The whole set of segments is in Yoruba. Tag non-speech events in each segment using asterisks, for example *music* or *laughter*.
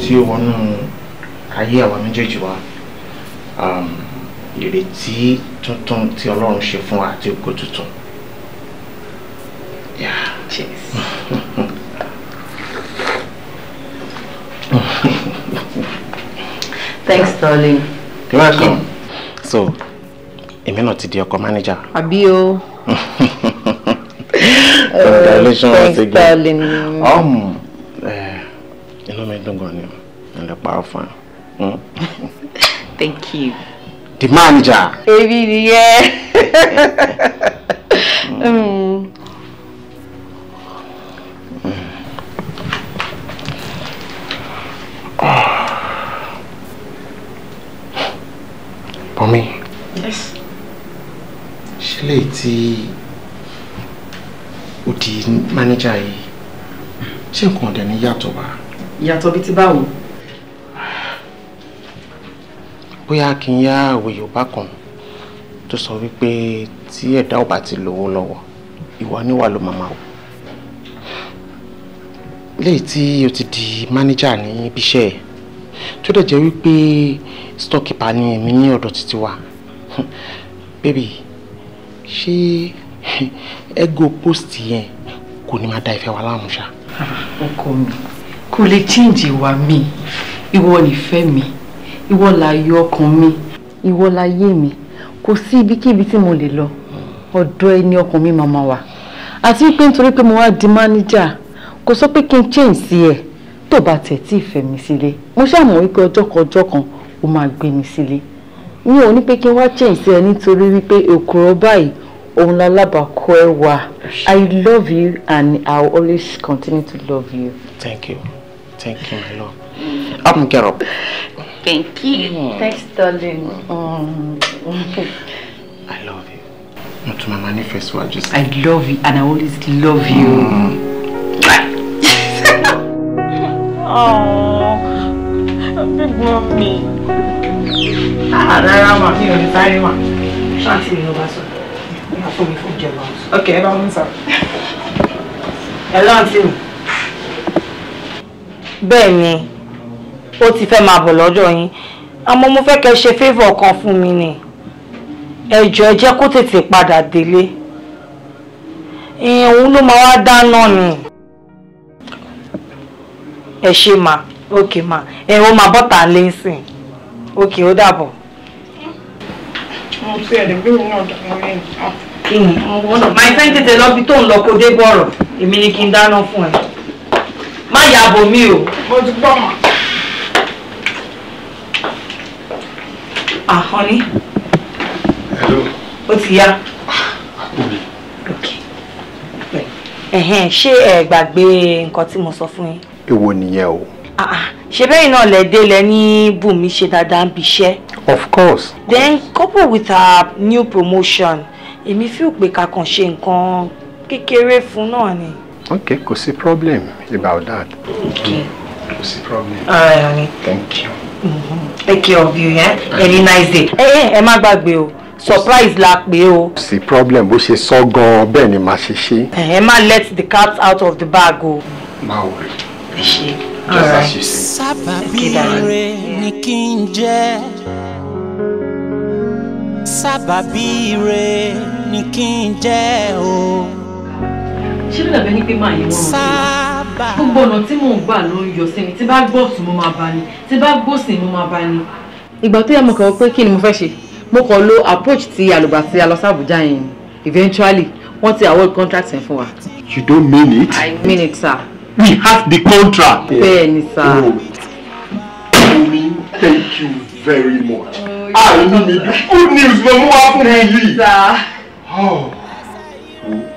tí ó wọnú ayé àwa méjèèjì wa um, ìrètí tuntun tí Ọlọ́run ṣe fún wa àti ògo tuntun. Yeah. Cheers. Thanks, darling. You're welcome. So, èmi náà ti di ọkọ manager. Àbí o. *laughs* Uh, Congratulations once again. Thanks, darling. Um, eh, inú mi dùn gan ni o lè parọ́ fún thank you. the manager. èmi nìyẹn. Bọ́mí. Yes. Ṣé lè ti ó di mánéjà yìí ṣé nǹkan ọ̀dẹ̀ ni yàtọ̀ wá. Yàtọ̀ bíi ti báwo? bóyá kí n yá òwe yorùbá kan tó sọ wípé tí ẹ̀dá ò bá ti lówó lọ́wọ́ ìwà níwà ló máa máa wò léyìí tí o ti di mánéjà ní ibiṣẹ́ ẹ̀ tó dẹ̀ jẹ́ wípé stọ́kìpà ni èmi ní ọ̀dọ̀ títí wa bébì ṣé ego post yẹn kò ní máa da ìfẹ́ wa láàmú ṣá. ọkọ mi kò lè chíǹjì wa mi ìwọ nìfẹ́ mi ìwọ láàyè ọkàn mi ìwọ láàyè mi kò sí ibikíbi tí mo lè lọ ọ̀dọ̀ ẹni ọkàn mi màmá wa àti wípé nítorí pé mo wá di mánéjà kò sọ pé kí n change sí ẹ tó bá tẹ̀ tí ìfẹ́ mi sílé mo ṣàmọ̀ wípé ọjọ́ kan ọjọ́ kan ó máa gbé mi sílé mi ò ní pé kí n wá change sí ẹ nítorí wípé òkúrọ̀ báyìí òun lálábàákọ́ ẹ wà I love you and I will always continue to love you. Thank you. Thank you, my love. Help me get up. Thank you. Mm. Thanks, darling. Mm. *laughs* I love you. Not my manifesto. word, just. I love you, and I always love you. Mm. oh, big love me. Ah, rárá mà mi ò lè sáré mà. Ṣáàtì mi ló bá sọ. Mi have to fún ìjọba. Ok, ẹ bá wọn sọ. Ẹ lọ́ọ̀tì mi ó ti fẹ́ máa bọ̀ lọ́dọ̀ yín àmọ́ mo fẹ́ kẹ́ ṣe favour kan fún mi ni ẹ jọ̀ọ́ ẹ jẹ́ kó tètè padà délé ìyẹn òun ló máa wá dáná ni ẹ ṣe mà ok mà ẹ ó máa bọ́tà lẹ́sìn ok ó dàbọ̀. mo ti ẹ̀dẹ̀ bí òun náà dàgbà lẹ́yìn máa fẹ́ tètè lọ bí tó ń lọ kó dé bọ̀rọ̀ èmi ni kí n dáná fún ẹ má yàbò mi o. mo ti gbọ́ mà. Ah, honey. Hello. Ó ti yá. Àpòbí. eh. Ẹ̀hẹ́n ṣé ẹ gbàgbé nǹkan tí mo sọ fún yín? Èwo nìyẹn o. Ah, ah. Ṣé bẹ́yìn náà lẹ́dẹ́ le ni Bùnmi ṣe dáadáa ń biṣẹ́? Of course. Then couple with her new promotion, èmi feel pé ká kàn ṣe nǹkan kékeré fún náà ni. Okay, kò sí problem about that. Okay. Kò sí problem. All right, honey. Thank you take care of you yeah? any nice day. ẹ eh, ẹ eh, ẹ má gbàgbé o surprise la pé o. sí problem bó ṣe sọ gan-an bẹ́ẹ̀ ni màá ṣe ṣe. Eh, ẹ má let the cat out of the bag o. má o rí ẹ ṣe just as you say. sábàbí rẹ ni kí n jẹ́ sábàbí rẹ ni kí n jẹ́ o. ṣé ló dàbí ẹni pé màá yẹ wọ́n rò pé bá a. gbogbo ọ̀nà tí mò ń gbà ló ń yọ sí mi tí bá gbọ́ ọ̀tún mo máa bá ni tí bá gbòsìn mo máa bá ni. ìgbà tó yẹ mo kàn pé kí ni mo fẹ́ ṣe mo kàn lo approach ti àlùbà tí yẹn eventually wọ́n ti award contract yẹn fún wa. you don't mean it. I mean it sir. we have the contract. bẹ́ẹ̀ni sir. Oh. thank you very much. àìní mi bí good news ló mú wá fún mi yìí. Oh. Oh,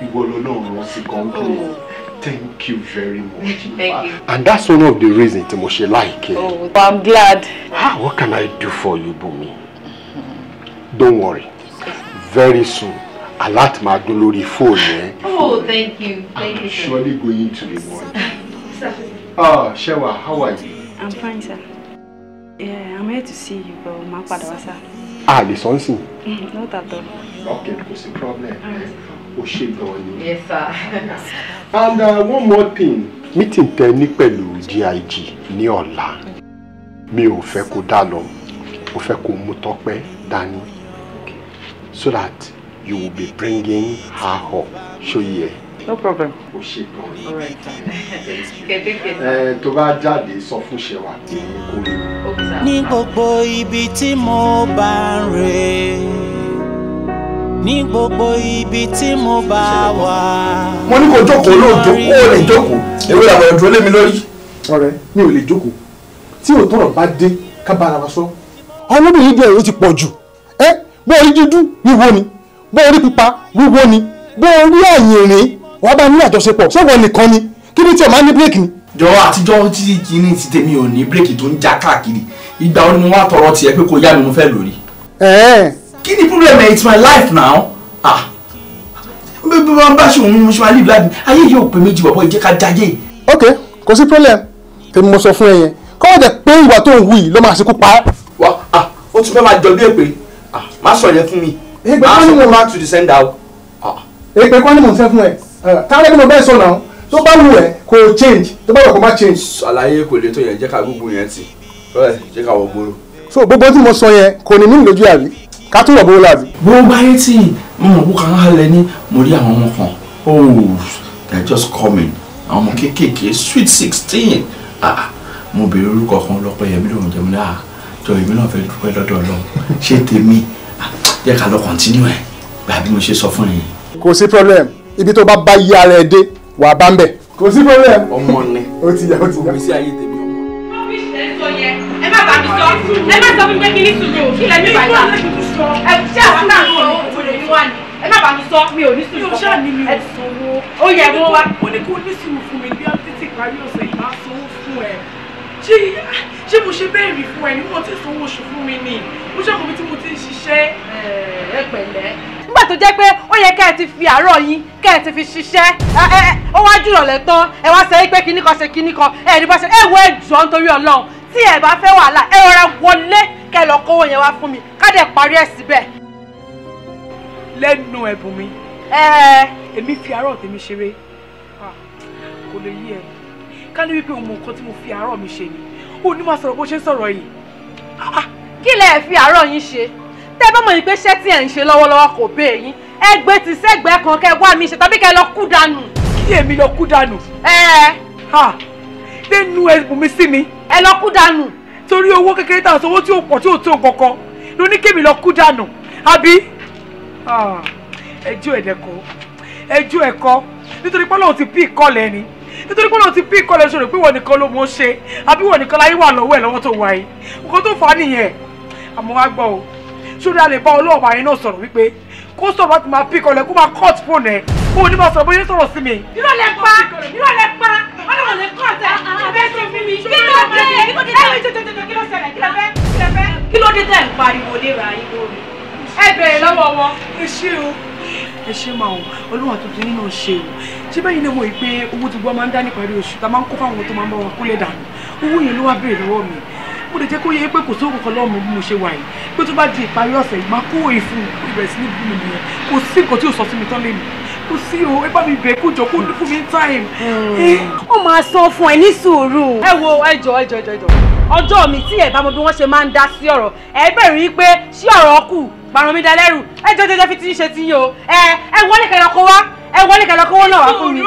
ìwọ lọ́nà ọ̀rọ̀ sí kan kúrò. Thank you very much. *laughs* Thank you. And that's one of the reasons tí like ṣe Oh, I'm glad. Ah, what can I do for you, Bumi? Don't worry. Very soon, alert máa dún glory for you. Oh, thank you. Thank I'm you. Sir. Surely going to be reward. Oh, Shewa, how are you? I'm fine, sir. Yeah, I'm here to see you, but my father, wá, sir. Ah, the sun sin. Mm, not at all. Okay, no problem. All right ó ni. yes sir. *laughs* and uh, one more thing meeting tẹ ní pẹ̀lú gig ní ọ̀la mi ò fẹ́ kó dá lọ mo fẹ́ kó mú Tọ́pẹ́ dání so that you will be bringing her up ṣó yẹ. no problem. ó ṣe gan ni. ẹ tó bá jáde sọ fún ṣẹwà ní kò ní. ní gbogbo ibi tí mo bá ń rè é ní gbogbo ibi tí mo bá wà. mo ní kó jókòó lóòjó kó o lè jókòó èwe làwọn ọ̀dọ́ lé mi lórí. ọ̀rẹ́ mi ò lè jókòó tí òótọ́ rọ̀ bá dé ká bára wa sọ. ọlọ́dún yìí dẹ̀ ó ti pọ̀ jù ẹ́ bó orí dúdú wíwo ni bó orí pupa wíwo ni bó orí àyìn rìn wàá bá ní àjọṣepọ̀ sọ́wọ́ nìkan ni kí ni tí o máa ń ní bírèkì ni jọ̀wọ́ àtijọ́ tí kìíní ti tèmi ò ní bírèkì tó ń já káàkiri ìgbà wo ni mo wá tọrọ tiẹ̀ pé kò yá mi mo fẹ́ lórí. ẹ̀ẹ́ kí ni problem ẹ̀ e? it's my life now ah bí wọ́n bá ṣe òun mo ṣe máa live life ayé yóò pé méjì bọ̀bọ̀ ìjẹ́ ká jayé. ok kò sí problem tèmi mo sọ fún ẹ yẹn kọ́wọ́ jẹ pé ìwà tó ń wù yìí ló máa ṣekú pa ẹ́. wá ah o ti fẹ́ máa jọ bí èpè ah má sọ yẹn fún mi má sọ fún back to the sender o. Ah. èpè kọ́ ni mò ń fẹ́ fún ẹ eh, táwọn ẹni mo bẹ́ẹ̀ sọ náà tó bá wù ẹ kò change tó bá wù ẹ kò má change. àlàyé kò lè tó yẹn jẹ́ ká gbogbo yẹn ti jẹ́ ká wọ gbòòrò. so gbogbo tí mo sọ yẹn kò ní mí lójú àrí ká tún lọ bó láàbí. gbogbo ayé tí mo mọ̀ kó kàn án ní mo rí àwọn ọmọ kan oh they are just coming àwọn ọmọ kéékèèké sweet sixteen ah, ah. mo béèrè orúkọ kan lọ́pọ̀ yẹmi lòun jẹ́ mi náà ah, jọ èmi náà fẹ́ dúpẹ́ lọ́dọ̀ Ọlọ́run ṣé tèmi ah, jẹ́ ká lọ continue ẹ̀ gbà bí mo ṣe sọ fún yín. kò sí problem ibi tó bá bá yí ara ẹ dé wà á bá ń bẹ̀. kò sí problem. ọmọ ni o ti yà o ti yà. òbí sí ayé tèmi ọmọ. ọmọ mi ṣe ń sọ yẹn ẹ má bàa mi sọ ẹ má sọ mi sọ mi ò ní sùúrù kankan ẹ sanwó ó yẹ kó wá. ó ní kó ní sùúrù fún mi bí títí parí ọ̀sẹ̀ yìí máa sanwó fún ẹ ṣé ṣé mo ṣe bẹ́ẹ̀ fún ẹ ní mo ti sanwó oṣù fún mi ni mo ṣe àkọ́bí tí mo ti ń ṣiṣẹ́. ẹ pẹ̀lẹ́. nígbà tó jẹ́ pé ó yẹ kẹ́ ẹ ti fi àárọ̀ yín kẹ́ ẹ ti fi ṣiṣẹ́ ó wá jùlọ lẹ̀ ẹ wá sọ pé kinní kan ṣe kinní kan ẹ ní bá ṣe ẹ wọ ẹ nítorí Ọlọ́run tí ẹ bá fẹ́ wàhálà ẹ rọra wọlé kẹ́ ẹ lọ kówó yẹn wá fún mi ká dẹ̀ parí ẹ̀ síbẹ̀ lẹ́nu ẹ̀bùn mi èmi fi àárọ̀ tèmi ṣeré kò lè yí ẹ ká ní wípé òun mọ nǹkan tí mo fi àárọ̀ mi ṣe ni òun ní máa sọ̀rọ̀ bó ṣe ń sọ̀rọ̀ yìí. kí lẹ fi àárọ̀ yín ṣe tẹ bá mọ̀ yín pé iṣẹ́ tí ẹ̀ ń ṣe lọ́wọ́lọ́wọ́ kò bẹ́ yín ẹ gbé ti sẹ́gbẹ̀ẹ́ kan kẹ wá mi ṣe tàbí kẹ lọ kú dànù. kí èmi lọ kú dànù. ẹ ẹ. lẹ́nu ẹ̀bùn mi sí mi. ẹ lọ kú dànù. torí owó kékeré tàbí owó tí ò pọ̀ tí ò tó nǹkan kan ló kémi lọ kú dànù àbí. Ah, ẹjọ́ ẹ̀dẹ̀kọ́ ẹjọ́ ẹ̀kọ́ nítorí pé Ọlọ́run ti pí ìkọlẹ̀ ni nítorí pé Ọlọ́run ti pí ìkọlẹ̀ sọ̀rọ̀ pé ìwọ nìkan ló mọ̀ ọ́ ṣe àbí ìwọ nìkan láyé wà lọ́wọ́ ẹ̀ lọ́wọ́ tó wà yìí nǹkan tó fà á nìyẹn àmọ́ wá gbọ́ o sórí a lè bá ọlọ́ọ̀bà yẹn náà sọ̀rọ̀ wípé kó sọ̀rọ̀ láti máa pí ìkọlẹ̀ kó máa cut phone ẹ̀ kó o ní máa sọ̀rọ̀ bóyá sọ̀rọ̀ sí mi. ìrọ̀lẹ́ pa ìrọ̀lẹ́ kí ló dé kí ló ń pariwo léra yín lórí ẹ bẹ̀rẹ̀ lọ́wọ́ wọn. ẹ ṣé o ẹ ṣé máa ṣe báyìí ni mo rí pé owó tí gbọ́ máa ń dá níparí oṣù tá a máa ń kó fáwọn tó máa ń bá wa kólé dànù owó yẹn ló wá béèrè lọ́wọ́ mi mo lè jẹ́ kó yẹ pé kò sóhun kankan lọ́mọ bí mo ṣe wà yìí pé tó bá di ìparí ọ̀sẹ̀ ìgbà kó ìfún ìbẹ̀rẹ̀ sí ní bí mi nìyẹn kò sí nǹkan tí ò sọ sí mi tán lé mi kò sí o ẹ bá mi bẹ̀ kó jọ kó fún mi time. ó máa san fún ẹ ní sùúrù. ẹ wo ẹjọ ẹjọ ẹjọ ẹjọ ọjọ́ mi tí ẹ bá mọ bí wọ́n ṣe máa ń dá sí ọ̀rọ̀ ẹ bẹ̀rù yín pé sí ọ̀rọ̀ kù pàrọ̀ mi dá lẹ́rù ẹ jọ jẹjẹ fi ti ṣe ti yín o ẹ ẹ wọlé kẹlẹ kó wá ẹ wọlé kẹlẹ kó wọ́n náà wá fún mi.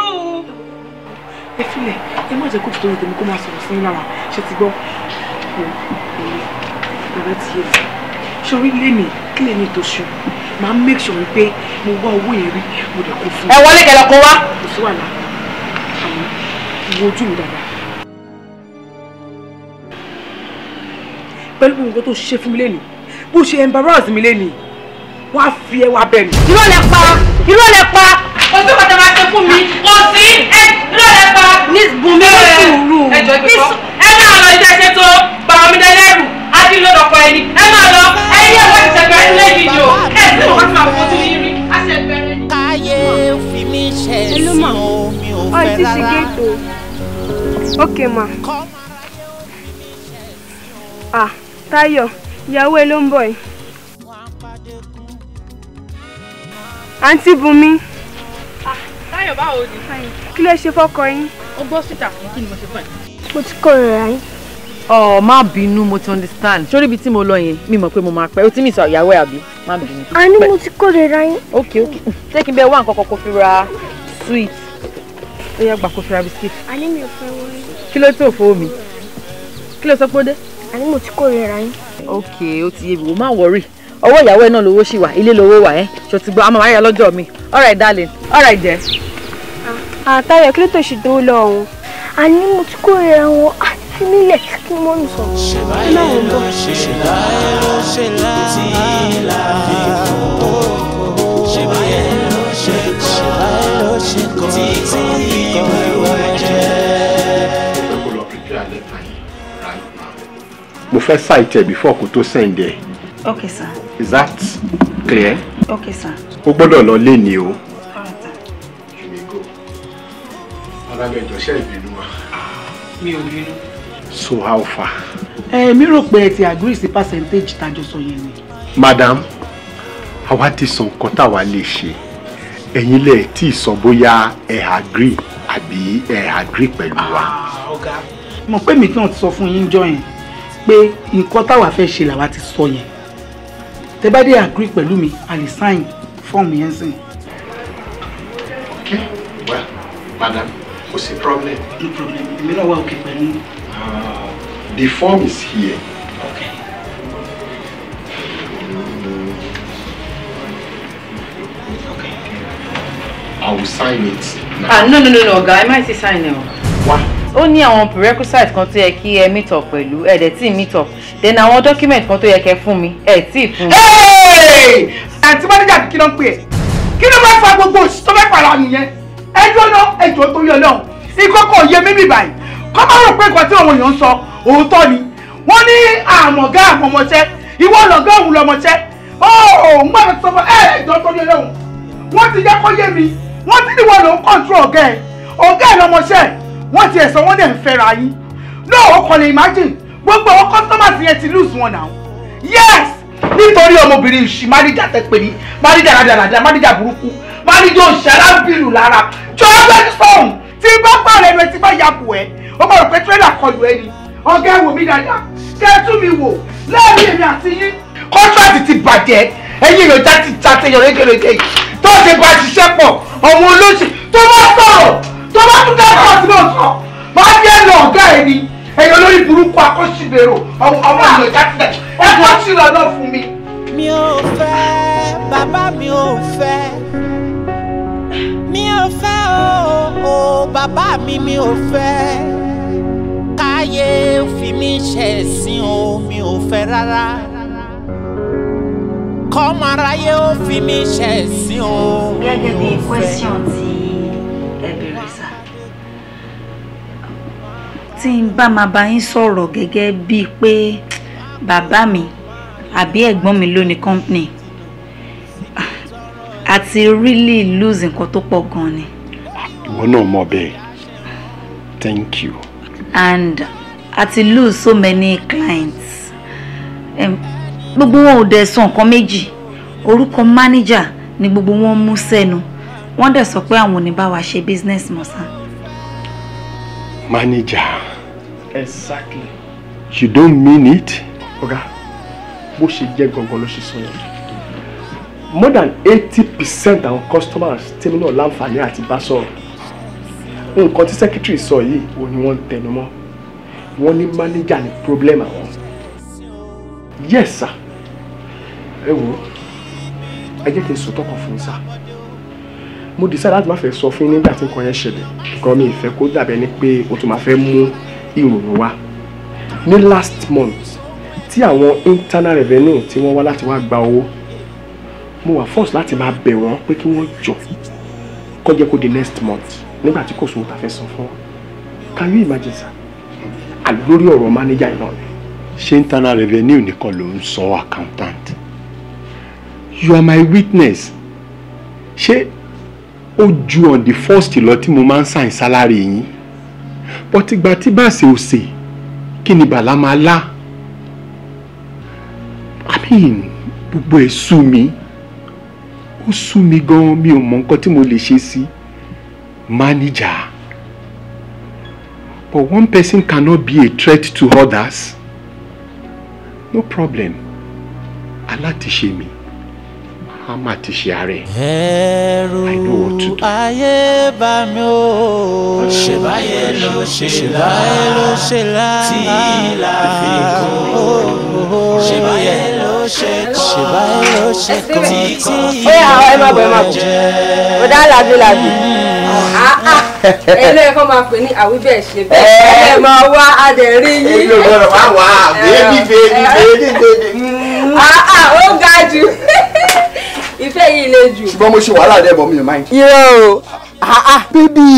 ẹ filẹ̀ ẹ má jẹ́ kó fi tòun tèmi kó máa sọ̀rọ̀ sí yín lára ṣe ti gbọ́ ọ̀rẹ́ ti yẹ ṣorí lé mi kí lè ní tòṣù máa ń make sure pé mo wá owó yẹn rí mo dẹ̀ kó fún un. ẹ wọlé kẹlẹ kó wá. kò sí wàhálà àwọn ìwọ ojú mi dáadáa. pẹ̀lú gbogbo nǹkan tó ṣe fún mi lẹ́nu bó ṣe embarrass mi lẹ́nu wá fi ẹwà bẹ̀ mí. irọ́ lẹ pa irọ́ lẹ pa ojú kọ̀tà máa ṣe fún mi kò sí ẹ irọ́ lẹ pa. ní bùnmi ẹ ẹ jọ ìgbésọ. ẹ máa lọ iṣẹ́ ṣètò bàmídẹ́lẹ́rù dájú ló lọ́pọ̀ ẹni ẹ máa lọ ẹyẹ láti ṣẹ̀bẹ̀rẹ̀ nílé ìdíje o ẹ tí mo máa máa fojú yín rí aṣẹ̀bẹ̀rẹ̀ ni. káyé fi mí ṣe ẹ̀sìn omi ò fẹ́ rárá. ma. ah Táyọ̀ ìyàwó ẹ ló ń bọ̀ yìí. àǹtí Bùnmi. Táyọ̀ báwo ni. kí ló ṣe fọ́kọ yín. ó gbọ́ síta kí ni mo ṣe fún ẹ. mo ti kó ìrora yín ọ oh, má bínú mo ti understand sórí ibi tí mo lọ yẹn mi mọ̀ pé mo máa pẹ́ o ti mi sọ ìyàwó ẹ̀ àbí má bínú. a mo ti kórè ra yín. okay. ok ṣé kí n bẹ wá nǹkan fi ra sweet ó yá gbà kó biscuit. Ani mi ò fẹ́ wọ́n. kí ló tó fún mi kí ló sọ pé mo ti kórè ra yín. ok ó ti yé mi o má wọrí ọwọ́ ìyàwó ẹ̀ náà wa ṣì wà ilé lówó wà ẹ́ eh? ṣòtúgbọ́n a máa wáyà lọ́jọ́ mi all right darling all right dear. Ah, àtàyọ̀ kí ló tó ṣì dúró lọ́wọ́ àní mo ti kórè àwọn àti nílẹ̀ kí ni wọ́n sọ náà ń bọ̀. ṣe láyé ló ṣe láyé láyé ṣe láyé ló ṣe ṣe láyé ló ṣe kọ́ tí tí ìwé ìwé jẹ́. mo fẹ́ ṣàìtẹ̀ before kó tó sẹ́ǹdẹ̀. okay sir. is that clear? okay sir. o gbọ́dọ̀ lọ lé ni o. ọlábẹjọ ṣe ìbínú wa. mi ò bínú. so how far. ẹ mi rò pé ẹ ti agree sí percentage tájọ sọ yẹn ni. madam àwa ti sọ nǹkan táwa lè ṣe ẹ̀yin lẹ tí ì sọ bóyá ẹ agree àbí ẹ agree pẹ̀lú wa. Ah, mo pé mi náà ti sọ fún yín jọ yẹn pé nǹkan táwa fẹ́ ṣe làwa ti sọ yẹn tẹ agree pẹ̀lú mi a lè sign fọ́ọ̀mù yẹn sìn. okay well madam kò sí problem. no problem èmi náà wà òkè pẹ̀lú. the form is here. okay. okay. I will sign it. Now. Ah, no, no, no, no, guy, I might ti sign ẹ̀ What? Wá. Ó ní àwọn prerequisite kan tó yẹ kí ẹ meet up pẹ̀lú, ẹ dẹ̀ tí meet up. Then àwọn document kan tó yẹ kẹ́ fún mi, ẹ tí fún mi. Àǹtí manager kí ló ń pè é? Kí ló máa fa gbogbo òṣì tó fẹ́ fara nìyẹn? dúró ná ẹjọ́ tó yọ náà ìkọ́kọ̀ yé mímì báyìí kọ́ máa rò pé nǹkan tí àwọn èèyàn ń sọ òótọ́ ni wọ́n ní àmọ̀gá àmọ̀mọ̀ṣẹ́ ìwọ lọ̀gá òun lọmọṣẹ́ ó ń gbàgbọ́ sọ fún ẹ ẹjọ́ tó yọ náà wọ́n ti jẹ́ kó yé mi wọ́n ti níwọ̀n lòún kọ́ńtù ọ̀gá ẹ̀ ọ̀gá ẹ̀ lọmọṣẹ́ wọ́n ti ẹ̀sọ́ wọn dẹ̀ ń fẹ́ra yín náà ó kàn lè imagine gbogbo àwọn customers yẹn ti lose wọn náà yes nítorí ọmọbìnrin ìṣì márídà tẹ pé ní márídà rádaràdà márídà burúkú pálíjọ òṣèlá bìlù lára jọ ọgbẹ́ni sọ̀hún tí bá pààrọ̀ ẹnu ẹ ti bá yàgò ẹ ó mọ̀ rò pé tírélà kọlù ẹ ni ọ̀gá ẹ wò mí dáadáa kẹ́ ẹ tún mi wò lẹ́ẹ̀rí èmi àti yín. kọ́ńtrátì ti bàjẹ́ ẹ̀yin èèyàn já ti já tẹ̀yàn lékeleke yìí tó ti bá ṣiṣẹ́ pọ̀ ọmọ olóṣèlú tó bá sọ̀rọ̀ tó bá tún dá sí mi ò fẹ́ bàbá mi ò fẹ́ mi ò fẹ́ o o bàbá mi mi ò fẹ́ káyé fi mi ṣẹ̀sín o mi ò fẹ́ rárá kọ́mọ aráyé ó fi mi ṣẹ̀sín o mi ò fẹ́. gẹ́gẹ́ bí question tí ẹ béèrè sá tí n bá máa bá yín sọ̀rọ̀ gẹ́gẹ́ bíi pé bàbá mi àbí ẹ̀gbọ́n mi ló ní company àti really lose nǹkan tó pọ̀ gan ni. ìwọ náà mọ̀ bẹ́ẹ̀ thank you. and àti lose so many clients gbogbo wọn ò dẹ̀ sọ nǹkan méjì orúkọ mánìjà ni gbogbo wọn mú sẹ́nu wọ́n dẹ̀ sọ pé àwọn ò ní bá wa ṣe business mọ́ Manager. exactly. you don't mean it. ọ̀gá bó ṣe jẹ́ gangan ló ṣe sọ yẹn more than eighty percent àwọn customers tèmi náà láǹfààní àti bá sọ̀rọ̀ nǹkan tí secretary sọ yìí òun ni wọ́n ń tẹnu mọ́ wọ́n ní manager ní problem àwọn yes sir ẹ wò ó ẹ jẹ́ kí n sòtọ́ kan fún yín sá mo decide láti má fẹ́ sọ fún yín nígbà tí nǹkan yẹn ṣẹlẹ̀ nǹkan mi ìfẹ́ kó dàbẹ́ ni pé o tún máa fẹ́ mú ìròyìn wá ní last month tí àwọn internal revenue tí wọ́n wá láti wá gba owó mo wà force láti máa bẹ̀ wọ́n pé kí wọ́n jọ kó jẹ́ kó di next month nígbà tí kò sówó tá fẹ́ san fún wọn can you imagine sir àlọ́ lórí ọ̀rọ̀ manager iná rẹ̀. ṣé internal revenue nìkan ló ń sọ accountant you are my witness ṣé ó ju on the first lọ tí mo máa ń sign salary yín but ìgbà tí báàsì ò sè kí ni bàlá máa lá i mean gbogbo ẹ̀ sú mi ó sú mi gan mi ò mọ nǹkan tí mo lè ṣe sí mánéjà but one person cannot be a threat to others no problem aláti ṣe mi a má ti ṣe àárẹ̀. ẹrù ayé bá mi ò. ṣèbáyé ló ṣèbáyé ló ṣe lá. tí ìlà fi kó ṣèbáyé ló ṣe kọ́. ṣèbáyé ló ṣe kọ́ tí kò fi kó jẹ. ọ̀dà làbí làbí ẹlẹ́ mm. ah, ah. ẹ̀kọ́ máa pè ní àwíbẹ̀ ṣe bẹ́ẹ̀ ẹ máa wá adẹ̀rí yín. èmi ò gbọdọ̀ máa wà á bèbí bèbí bèbí ah, bèbí. ó ga jù ìfẹ́ yìí le jù. ṣùgbọ́n mo ṣe wàhálà rẹ̀ bọ̀ mi ò máa ń. irọ́ o ah, ah, ah, bíbí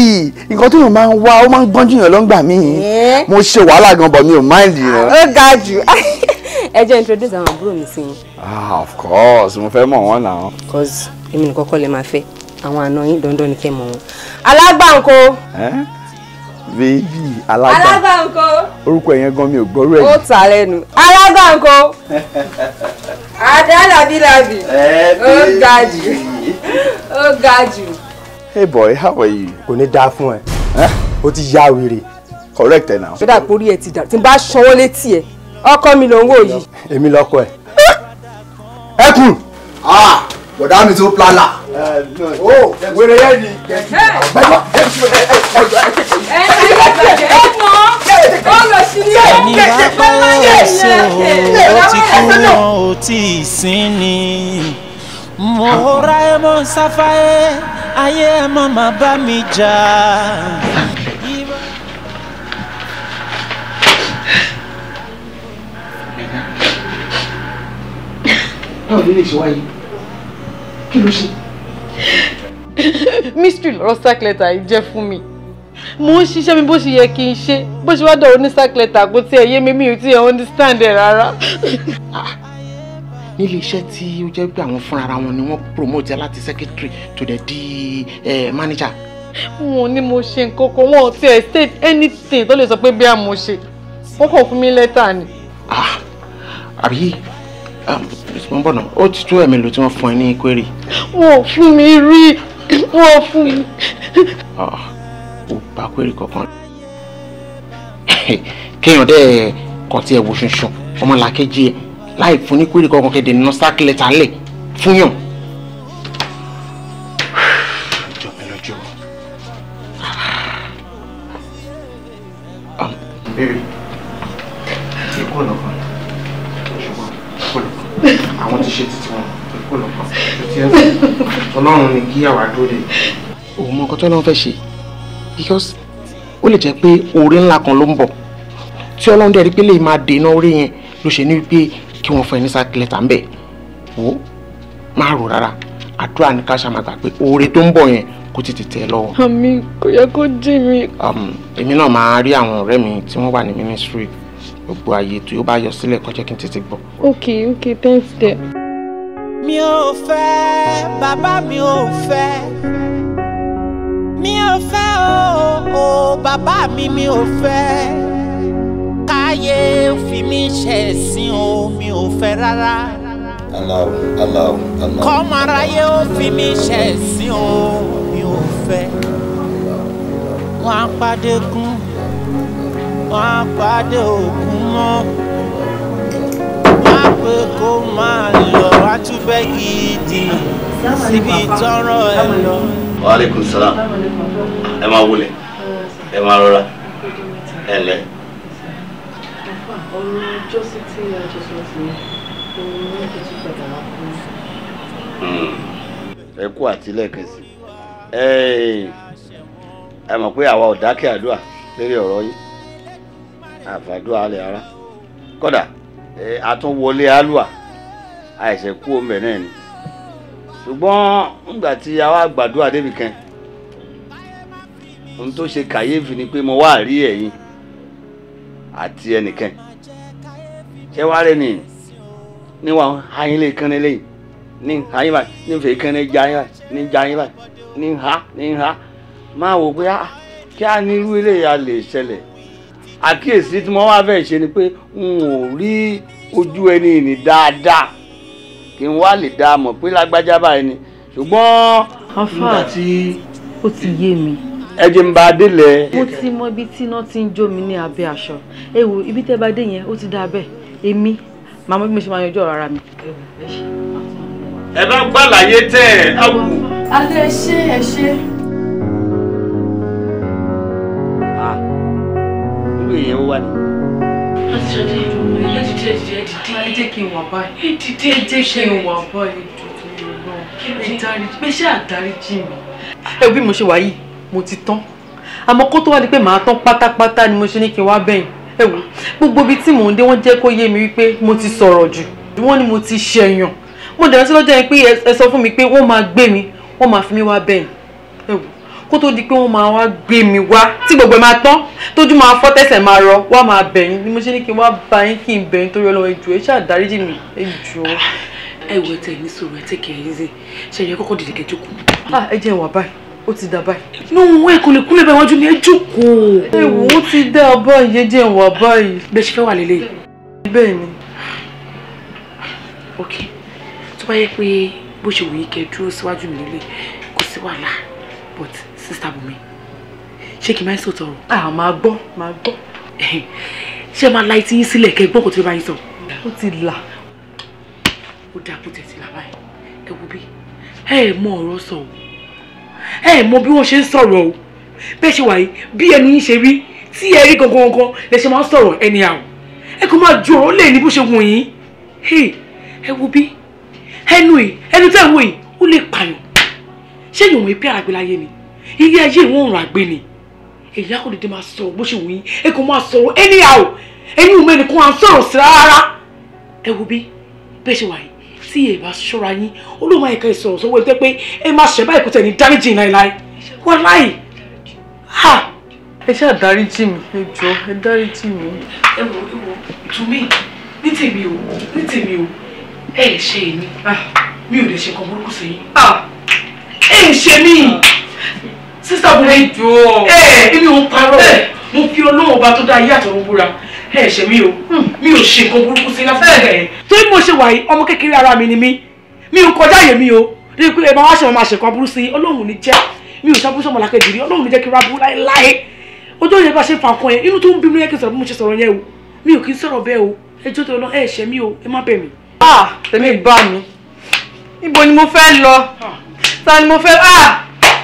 nǹkan tó yàn máa ń wá ó máa ń gbọ́n jùyàn lọ́ngbà mí eh? mo ṣe wàhálà gan bọ̀ mi ò máa ń lè rán. ó ga jù *laughs* ẹ jẹ́ introduce àwọn àbúrò mi sí yín. ah of course mo fẹ́ mọ̀ wọ́n náà. cause èmi nìkan kọ́ lè máa fẹ́ àwọn àna yín dandan ni kẹ́ mọ̀ wọn. alágbàǹkó. Eh? Baby, bébì alágbà alágbàǹkó orúkọ yẹn gan mi ò gbọ́rú ẹ̀. ó ta lẹ́nu alágbàǹkó àdá làbílàbí ó ga jù ó ga jù. hey boy how are you. kò ní dáa fún ẹ ó ti ya wèrè. correct ẹ náà. ṣé dàpọ̀ orí ẹ ti dà tí n bá ṣanwó létí ẹ ọkọ mi ló ń wò yìí. èmi lọkọ ẹ. ẹkùn. ah bọ̀dá mi tó plala. o wèrè yẹn ni. ẹ bàjẹ́ mọ́ ó lọ sí ilé ẹni bá bọ́ ṣe ó ti kú wọn ò tí ì sín ni mo ra ẹ mọ sáfáyé ayé ẹ mọ máa bá mi jà. báwo ló lè ṣe wáyé. Miss ló ṣe. mystery lọ́rọ̀ sack letter yìí jẹ́ fún mi mo ń ṣiṣẹ́ mi bó ṣe yẹ kí n ṣe bó ṣe wá dọ̀rọ̀ sack letter kò tiẹ̀ yé mi mi ò tiẹ̀ understand ẹ̀ rárá. Ah, nílé iṣẹ́ tí ó jẹ́ pé àwọn fúnra wọn ni wọ́n promote lati secretary tó dẹ̀ di manager. wọn ni mo ṣe nǹkan kan wọn ò state anything tó lè sọ pé bí a mo ṣe wọn kàn fún mi lẹ́tà ni. Ah, àbí um, mo ń bọ̀ náà ó ti tó ẹ̀mí lò tí wọ́n fún ẹ ní query. wọn ò fún mi rí wọn ò fún mi. ó bá query kankan kéèyàn dẹ́ kàn tí ẹ wo ṣunṣun ọmọlàkejì ẹ láì fún ní query kankan kéde nọ́sákìlẹ̀ tálẹ̀ fún Ọlọ́run ni kí àwa tó lè. òun mọ nǹkan tí Ọlọ́run fẹ́ ṣe because ó lè jẹ́ pé oore ńlá kan ló ń bọ̀ tí Ọlọ́run dẹ̀ rí pé lè máa dènà oore yẹn ló ṣe ní wípé kí wọ́n fún ẹ ní sákìlẹ̀tà ń bẹ̀ wò má rò rárá àdúrà ní ká ṣàmàgbà pé oore tó ń bọ̀ yẹn kó tètè tẹ̀ lọ́wọ́. àmì kò yẹ kó dì mí. Um, èmi náà máa rí àwọn ọ̀rẹ́ mi tí wọ́n wà ní ministry gbogbo ààyè tí ó bá yọ sílẹ̀ kó jẹ́ kí n tètè gbọ́. ok ok thanks there mi ò fẹ́ bàbá mi ò fẹ́ mi ò fẹ́ o o bàbá mi mi ò fẹ́ káyé fi mi ṣẹ̀sín o mi ò fẹ́ rárá. aláwọ aláwọ aláwọ. kọ́mọ aráyé ó fi mi ṣẹ̀sín o mi ò fẹ́ wọ́n á pàdé kún wọ́n á pàdé òkun mọ́. pé kó máa lọ atúbẹ́gì dìnnà síbi tọ́rọ̀ ẹ lọ. wàhálẹ́kùn sàlám ẹ máa wọlé ẹ máa rọra ẹ lẹ. a hmm. ẹ kú ẹ mọ̀ pé àwa ò dákẹ́ àdúrà lórí ọ̀rọ̀ yìí àfàdúrà alẹ́ ara àtúnwọlé alua àìsè kú omi ẹ̀ náà ni ṣùgbọ́n nígbà tí a wá gbàdúrà débi kan ohun tó ṣe kàyéfì ni pé mo wá rí ẹ̀yin àti ẹnìkan ṣé wàá rẹ ni níwà ayin lè kán lélẹ́yìn ní ayin báyìí ní fèé kán ní já ayin báyìí ní já ayin báyìí ní ha ní ha máa wò pé ah, kí á ní irú eléyà lè ṣẹlẹ̀ àkíyèsí tí mo wá fẹ́ ṣe ni pé n ò rí ojú ẹni ìní dáadáa kí n wá lè dá a mọ̀ pé lágbájá báyìí ni ṣùgbọ́n. afa ó ti yé mi ẹ jẹ́ ń bá délẹ̀. mo ti mọ ibi tí iná ti ń jó mi ní abẹ́ aṣọ ẹ wo ibi tẹ́ bá dé yẹn ó ti dá abẹ́ èmi màmá bí mo ṣe máa yanjú ọ̀rọ̀ ara mi. ẹ bá gbàlàyé tẹ ẹ á wù. ẹ ṣe. wa ni. ẹ dìde ẹ dìde ẹ jẹ́ kí n wà báyìí ẹ dìde ẹ jẹ́ kí n wà báyìí ẹ dárí pé ṣé àdáríjì mi. ẹ bí mo ṣe wà yìí mo ti tán àmọ́ kó tó wá di pé màá tán pátápátá ni mo ṣe ní kí n wá bẹ̀yìn ẹ gbogbo ibi tí mò ń dé wọ́n jẹ́ kó yé mi wípé mo ti sọ̀rọ̀ jù wọ́n ni mo ti ṣẹ̀yàn mo dẹ̀ rántí lọ́jọ́ yẹn pé ẹ sọ fún mi pé wọ́n máa gbé mi wọ́n máa fi mi wá bẹ̀yìn kó tó di pé wọ́n máa wá gbé mi wá tí gbogbo ẹ̀ máa tán tójú máa fọ́ tẹ̀sẹ̀ máa rọ wá máa bẹ̀yìn ni mo ṣe ní kí n wá bá yín kí n bẹ̀yìn torí ọlọ́run ẹjọ́ ẹ ṣáà dáríjì mi ẹjọ́. ẹ wo ẹtẹ ní sòrò ẹtẹ kẹrin ṣe ṣe yẹ kọ́kọ́ dìde kẹjọkọ. ẹ jẹ́ ìwà ah, báyìí ó ti dà báyìí. inú wọn èkó lè kúlẹ̀ báyìí wájú mi ẹ jókòó. ẹ wò ó ti dà báyìí ẹ jẹ́ ìwà báyìí. bẹ́ẹ̀ ṣe fẹ́ wà lélẹ̀. bẹ́ẹ̀ ni. ok tó bá yẹ pé bó ṣe wòye kẹ dúró síwájú mi lélẹ̀ kò sí wàhálà but Sister Bùnmi, ṣé kí n máa ń sòtọ̀ ọ̀rọ̀? À máa gbọ́, máa gbọ́. Ṣé ẹ máa la etí yín sílẹ̀ kẹ́ gbọ́n kò tí ó bá yín sọ? Ó ti là. Ó dáa kó tẹ̀sí làbá ẹ̀. Ẹ wo bí? Ẹ ẹ̀ mọ ọ̀rọ̀ sọ o. Ẹ ẹ̀ mọ bí wọ́n ṣe ń sọ̀rọ̀ o. Bẹ́ẹ̀ ṣe wà yìí, bí ẹnu yín ṣe rí, tí ẹ rí gangan gangan lẹ ṣe máa sọ̀rọ̀ ẹni àwọ̀. Ẹ kò máa ju ọ̀rọ̀ lè ní bó ṣe wù yín. Ẹ wo bí? Ẹnu yìí, ẹnu tẹ̀ wò yìí, ó lè pààyàn. Ṣé ìyọ̀wọ̀n ìpí àràgbélayé ni? ilé ayé ìwọ̀n òrùn àgbẹ̀ ni èyí á kò dédé máa sọ̀rọ̀ bó ṣe wù yín ẹ kò máa sọ̀rọ̀ anyhow ẹni ìwọ̀n ẹnì kan à ń sọ̀rọ̀ sí rárá ẹ wo bí bẹ́ẹ̀ ṣe wà yìí tí èyí bá ṣọ́ra yín ó ló máa ẹ̀ka ìsọ̀rọ̀ sọ́wọ́ ẹgbẹ́ pé ẹ máa ṣẹ̀bá ìkútẹ̀ ní dáríjì láéláé wọ́n láì ha ẹ ṣáà dáríjì mi ẹ jọ ẹ dáríjì mi. ẹ wò ó wò tùmí ní tèmi o ní tèmi o ẹ ẹ ṣe èmi ah. mi ò lè ṣe nǹkan burúkú sí yín ah. ẹ ẹ ṣe mí. Ah sísá bùnmi. ẹ jọ̀ọ́ ẹ èmi ò ń parọ́ mo fi ọlọ́run ọba tó dá ayé àtọ̀run búra ẹ ṣe mi o hmm. mi ò ṣe nǹkan burúkú sí lásìkò ẹ. torí mo ṣe wàyí ọmọ kékeré ara mi ni mí mi ò kọjá àyè mi o rí i pé ẹ máa wá ṣe máa ṣe nǹkan burú sí ọlọ́run ní jẹ́ mi ò ṣàbùsọ̀ mọ̀lákejì rí ọlọ́run ní jẹ́ kí n ra burú láéláé ojú òye bá ṣe fà kan yẹn inú tó ń bí mi yẹ kí n sọ̀rọ̀ bí mo ṣe sọ̀rọ̀ yẹn o mi ò kí ń sọ̀rọ̀ bẹ́ẹ̀ o ẹjọ́ tó lọ ẹ ṣẹ́ mi o ẹ má bẹ̀ mí. ah tèmi bá mi níbo ni mo fẹ́ lọ ah. ta ni mo fẹ́ ah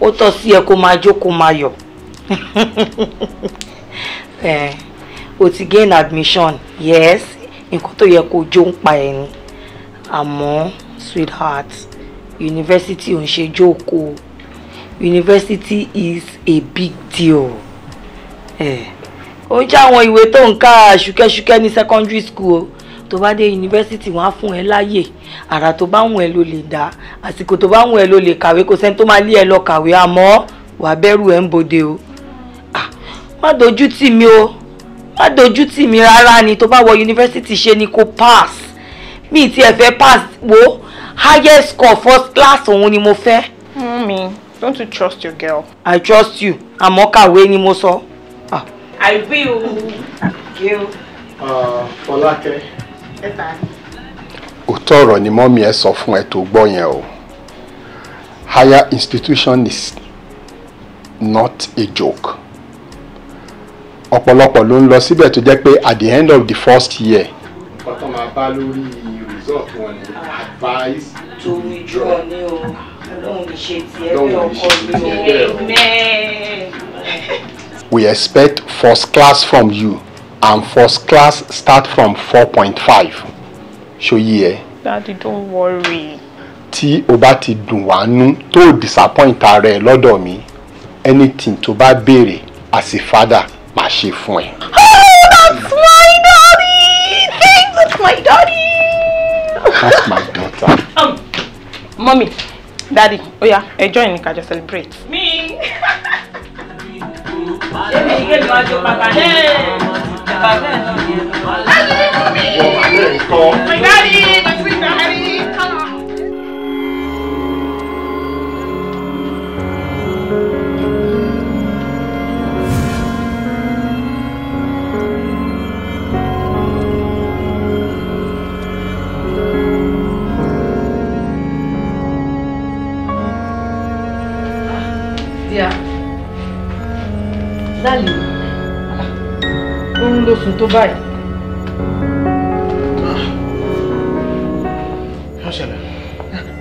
ó tọ́ sí ẹ kó máa jó kó máa yọ̀ *laughs* o ti gain admission yes nǹkan tó yẹ kó jó ń pa ẹ̀ ni àmọ́ sweetheart university ò ń ṣe jókòó university is a big deal ó ń jẹ́ àwọn ìwé tó ń ká ṣùkẹ́ṣùkẹ́ ní secondary school tó bá dé yunifásitì wọn á fún ẹ láàyè àrà tó bá wùn ẹ ló lè dá àsìkò tó bá wùn ẹ ló lè kàwé kò sẹ́ni tó máa lé ẹ lọ kàwé àmọ́ wàá bẹ̀rù ẹ ń bòde o má dojú tì mí o má dojú tì mí rárá ni tó bá wọ yunifásitì ṣe ni kò pass mi ti ẹ fẹ́ pass wo highest score first class òun ni mo fẹ́. mummy don't you trust your girl. i trust you àmọ́ kàwé ni mo sọ. i will. Uh, Fọlákẹ́ òótọ́ ọ̀rọ̀ ni mọ́mí ẹ sọ fún ẹ tó gbọ́ yẹn o higher institution is not a joke ọ̀pọ̀lọpọ̀ ló ń lọ síbẹ̀ tó jẹ́ pé at the end of the first year. ọ̀tọ̀ máa bá lórí result wọn ni advice to withdraw. lóhun ìṣe tiẹ̀ bẹ́ẹ̀ ọkọ mi ò amen. we expect first class from you and first class start from four point five ṣòye ẹ. Daddy don't worry. tí o bá ti dùn wá nú tó o disappoint ara ẹ lọ́dọ̀ mi anything tó bá béèrè as a father máa ṣe fún ẹ. oh that's my daddy thanks that's my daddy. that's my daughter. um, mommy daddy oya oh yeah, enjoy ni just celebrate. me. *laughs* èmi ìgbé mi wájú pàpà náà bàbá náà lọ. wọ́n bá náà ń kọ́. my daddy my sweet daddy. lálẹ́ oorun ah, ló sùn tó báyìí.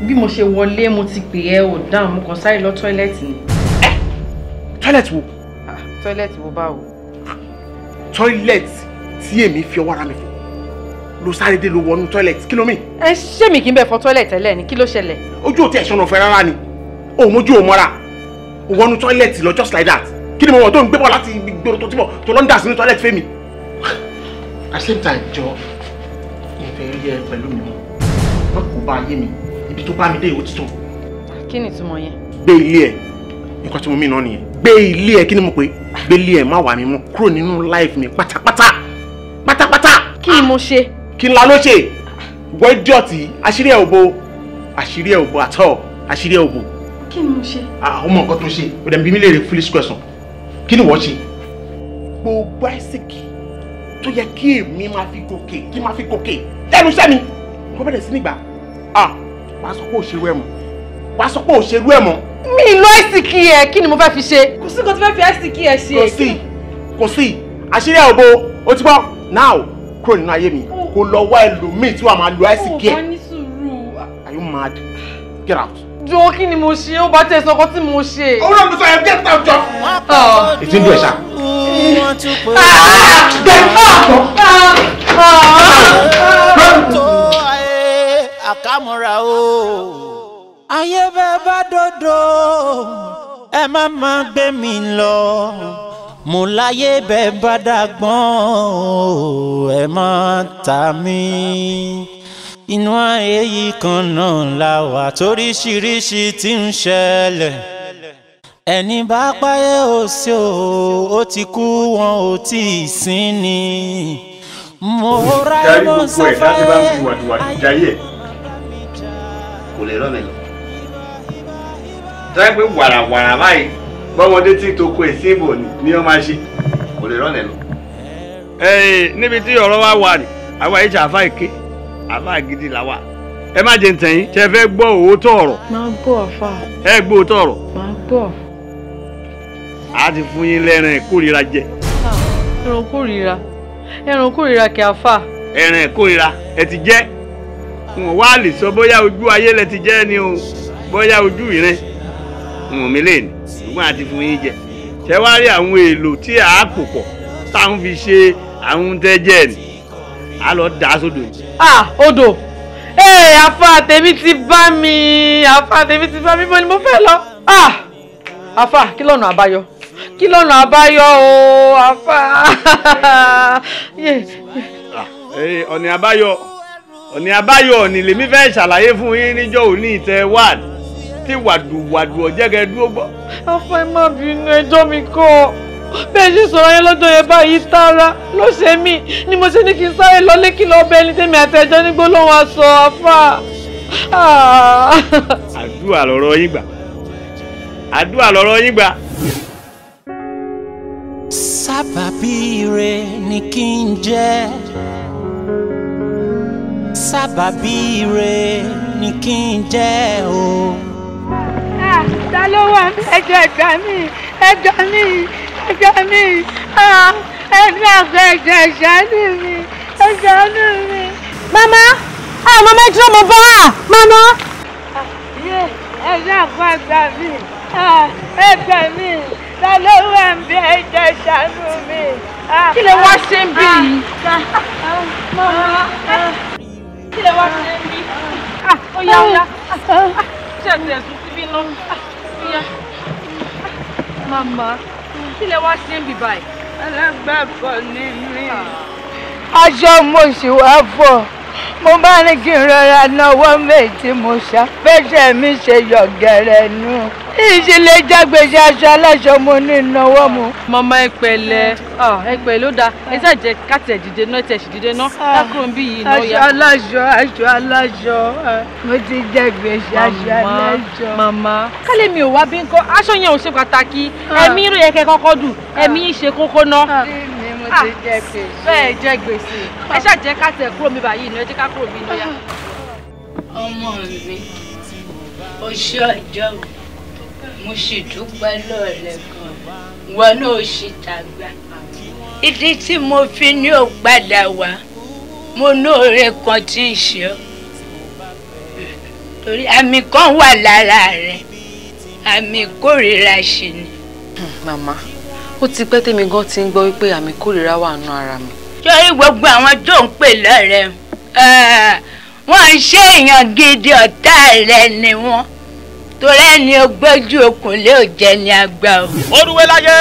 bí mo ṣe wọlé mo ti pè ẹ́ o dáhùn mo kàn sáré lọ tọ́ílẹ̀tì ni. ẹ eh? tọ́ílẹ̀tì wo. Ah, tọ́ílẹ̀tì wo báwo. tọ́ílẹ̀tì tí èmi fi ọwọ́ ara mi fò ló sáré dé ló wọnú tọ́ílẹ̀tì kí ló mì. ẹ eh, ṣé mi kì í bẹ̀ fọ tọ́ílẹ̀tì tẹ́lẹ̀ ni kí ló ṣẹlẹ̀. ojú ò tí ẹ̀ sọnù ọ̀fẹ́ rárá ni òun mójú òun mọ́ra òun wọnú tọ́ílẹ̀tì lọ just like that kí ni mo wọ̀ tó ń gbé bọ̀ láti gbòòrò tó ti bọ̀ tó lọ́ndà sínú toilet fẹ́mi. at same time jọ ìfẹ́ rí ẹ pẹ̀lú mi wọn kò bá ayé mi ibi tó bá mi dé òtítọ́. kí ni ìtumọ̀ yẹn. gbé ilé ẹ nǹkan tí mo mìíràn nìyẹn gbé ilé ẹ kí ni mo pè gbé ilé ẹ má wà mí mọ́ kúrò nínú life mi pátápátá pátápátá. kí ni mo ah! ṣe. kí n la ló ṣe gbọ́ ìdíọ̀tì àṣírí ẹ̀ òbo àṣírí ẹ̀ òbo àtọ̀ àṣírí ẹ̀ òbo. kí ni mo ṣe. àwọn ah, ọmọ nǹkan tó ṣe ò dẹ̀ bí mi lè rè foolish question kí ni wọ́n ṣe. gbogbo àìsíkì tó yẹ kí èmi máa fi gòkè kí máa fi gòkè lẹ́nu iṣẹ́ mi kó bẹ̀rẹ̀ sí nígbà ah wàá sọ pé òṣèrú ẹ̀ mọ́ wàá sọ pé òṣèrú ẹ̀ mọ́. mi lọ àìsíkì ẹ kí ni mo fẹ́ fi ṣe. kò sí nǹkan tó fẹ́ fi àìsíkì ẹ ṣe. kò sí kò sí àṣírí ẹ̀ òbo o ti bọ́ now kúrò nínú ayé mi kó lọ wá ẹlòmíì tí wàá máa lo àìsíkì ẹ. o are you mad? get out jọ kí ni mo ṣe ó bá tẹ̀ sọ́kọ́ tí mo ṣe. ọwọ́ mi sọ yẹn get out jọ. ètò ìdú ẹ̀ ṣá. àkàmúra o. ayé bẹ́ẹ̀ bá dodo ẹ má má gbé mi lọ mo láyé bẹ́ẹ̀ bá dàgbọ́n ẹ má ta mí inú ayé yìí kan náà la wà toríṣiríṣi tí ń ṣẹlẹ̀ ẹni bá páyé òsì o ó ti kú wọn ò tí ì sín ni mo rà ẹ mọ sọfẹ ayé kò lè rọ mi lọ. sáré pé wàràwàrà báyìí bọ́mọdé tí toko èsì ìbò ni wọ́n máa ṣe kò lè rọ mi lọ. níbi tí ọ̀rọ̀ wa wà ní àwa ìjà àfa ìké àfa gidi làwà ẹ má jẹ ntẹ̀yìn tẹ fẹ́ gbọ́ òótọ́ ọ̀rọ̀. máa gbọ́ àfa. ẹ gbọ́ òótọ́ ọ̀rọ̀. máa gbọ́. a ti fún yín lẹ́rìn ìkórira jẹ. ẹran kórira ẹran kórira kí a fà. ẹran ìkórira ẹ ti jẹ́ wọn wá lè sọ bóyá ojú ayé lẹ ti jẹ́ ni o bóyá ojú ìrìn wọn mi lè ní ṣùgbọ́n a ti fún yín jẹ tẹ wá rí àwọn èèlò tí a kò pọ̀ táwọn fi ṣe àwọn tẹ́jẹ́ ni a lọ da sódò yìí. ah odò ee afa tèmi ti bá mi afa tèmi ti bá mi mo ni mo fẹ́ lọ ah afa kí lọ́nà àbáyọ kí lọ́nà àbáyọ o afa. *laughs* ọ̀nì àbáyọ ọ̀nì àbáyọ ni lèmi fẹ́ ṣàlàyé fún yín níjọ́ òní ìtẹ́ wad tí wàdùwàdù ọ̀jẹ̀gẹ̀ dúró gbọ́. afa ẹ má bínú ẹjọ́ mi kọ́ bẹ́ẹ̀ sì sọ̀rọ̀ yẹn lọ́jọ́ yẹn báyìí tààrà ló ṣe ni mo ṣe ní kí n sáré lọ lé kí ẹni tẹ́mi àtẹ̀jọ́ nígbó lóhun aṣọ afá. Ah. àdúrà lọ̀rọ̀ yín gbà àdúrà lọ̀rọ̀ yín gbà. sábàbí ire ni kí n jẹ́ sábàbí ire ni kí n jẹ́ o. Ah, ah, ta ló wà ní ẹjọ́ ẹ̀gbá mi ẹjọ́ mi. Ah, ẹ̀jẹ̀ mi ẹ̀jẹ̀ àgbẹ̀ ẹ̀jẹ̀ ìṣàánú mama ah mama ẹ dúró mo bọ́ wá ah, mama. Ah, ẹ̀jẹ̀ àgbẹ̀ àgbà mi ẹ̀jẹ̀ mi lọ́lọ́wọ́ ẹ̀mí ẹ̀jẹ̀ ìṣàánú mi. kí lè wá ṣe ń bí yìí. mama kí lè wá ṣe ń bí. ó yá ó yá ṣe ẹ̀sìn ẹ̀sùn síbí náà. mama kí lẹ wá sí níbi báyìí. ẹlẹgbẹ́ bọ̀ ni mí. aṣọ ah. mo sì wá fọ̀ mo bá ní kí n rọra náwó méjì tí mo ṣá mi ṣe yọ̀gẹ̀rẹ̀ nù. ìṣẹ̀lẹ̀ jágbèjì aṣọ aláṣọ mo ní ìnáwó mu. màmá ẹ pẹ̀lẹ́ ah, ló dáa ẹ sáà jẹ káàtì ẹ̀dìdẹ náà ẹ̀tẹ̀ ṣìdìdẹ náà lákùrò ń bí yìí náà yá. aṣọ aláṣọ aṣọ aláṣọ mo ti jẹ aṣọ aláṣọ. màmá kálẹ̀ mi ò wá bí nǹkan aṣọ yẹn ò ṣe pàtàkì ah. ẹ̀mí rẹ̀ kẹ́ kọ́kọ́ dù ah. ẹ̀mí ṣe kókó náà bẹ́ẹ̀ jẹ́ gbèsè ẹ ṣáà jẹ́ ká tẹ̀ kúrò mi báyìí ni ẹ jẹ́ ká kúrò mi níyà. ọmọ mi ó ṣe ọjọ́ mo sì dúpẹ́ lọ́ọ̀lẹ́ kan wọn náà ó sì tàgbà. ìdí tí mo fi ní ò padà wá mo lóore kan tí ń ṣe ọ́ torí àmì kan wà lára rẹ̀ àmì kórìíra ṣì ni. màmá. Mm, ó ti pẹ́ tèmi gan ti ń gbọ́ wípé àmì kórìíra wà nù ara mi. ṣé rí gbogbo àwọn tó ń pè lọ́rẹ̀ eh, wọ́n ń ṣe èèyàn gidi ọ̀tá rẹ̀ ni wọ́n torí ẹni ogójú okùn lé ò jẹ àgbà o. orúwé láyé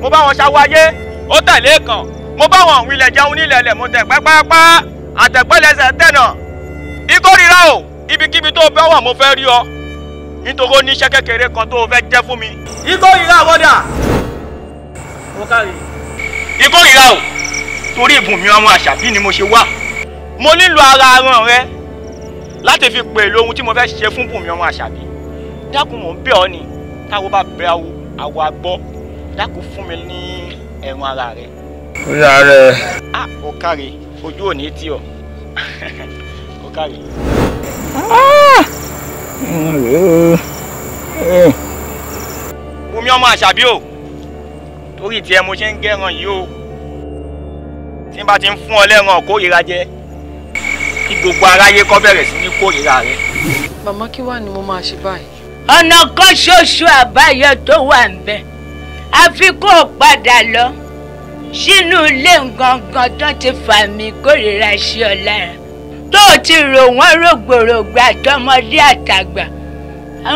mo bá wọn ṣàwọ ayé ó tẹ̀lé kan mo bá wọn òun ilẹ̀ jẹun nílẹ̀ mo tẹ̀ pápápá àtẹ̀pẹ́lẹsẹ̀ tẹ̀nà ìkórìíra o ibikíbi tó fẹ́ wà mo fẹ́ rí ọ nítorí ó níṣẹ́ kékeré kan tó fẹ́ jẹ́ fún mi. ìkórìíra àwọ̀dà ìkórìíra o torí ìbùnmi ọmọ àṣàbí ni mo ṣe wá mo nílò ara aràn rẹ láti fi pè lóhun tí mo fẹ́ ṣe fún bùnmi ọmọ àṣàbí dákun mò ń bẹ̀ ọ́ ni táwo bá bẹ awo àwọ̀ àgbọ́ dákun fún mi ní ẹ̀rùn ara rẹ. orí ara ẹ. a ò káre ojú ò ní tí ọ ò káre. bùnmi ọmọ àṣàbí o torí tiẹ̀ mo ṣe ń gẹ́ràn yìí o tí n bá ti ń fún ọ lẹ́ràn kórìíra jẹ kí gbogbo aráyé kọ́ bẹ̀rẹ̀ sí ní kórìíra rẹ. màmá kí wàá ni mo máa ṣe báyìí. ọ̀nà kan ṣoṣo àbáyọ tó wà ń bẹ àfi kó o padà lọ sínú ilé gangan tó ti fà mí kórìíra sí ọ lára tó o ti rò wọ́n rògbòrògbò àtọmọdé àtàgbà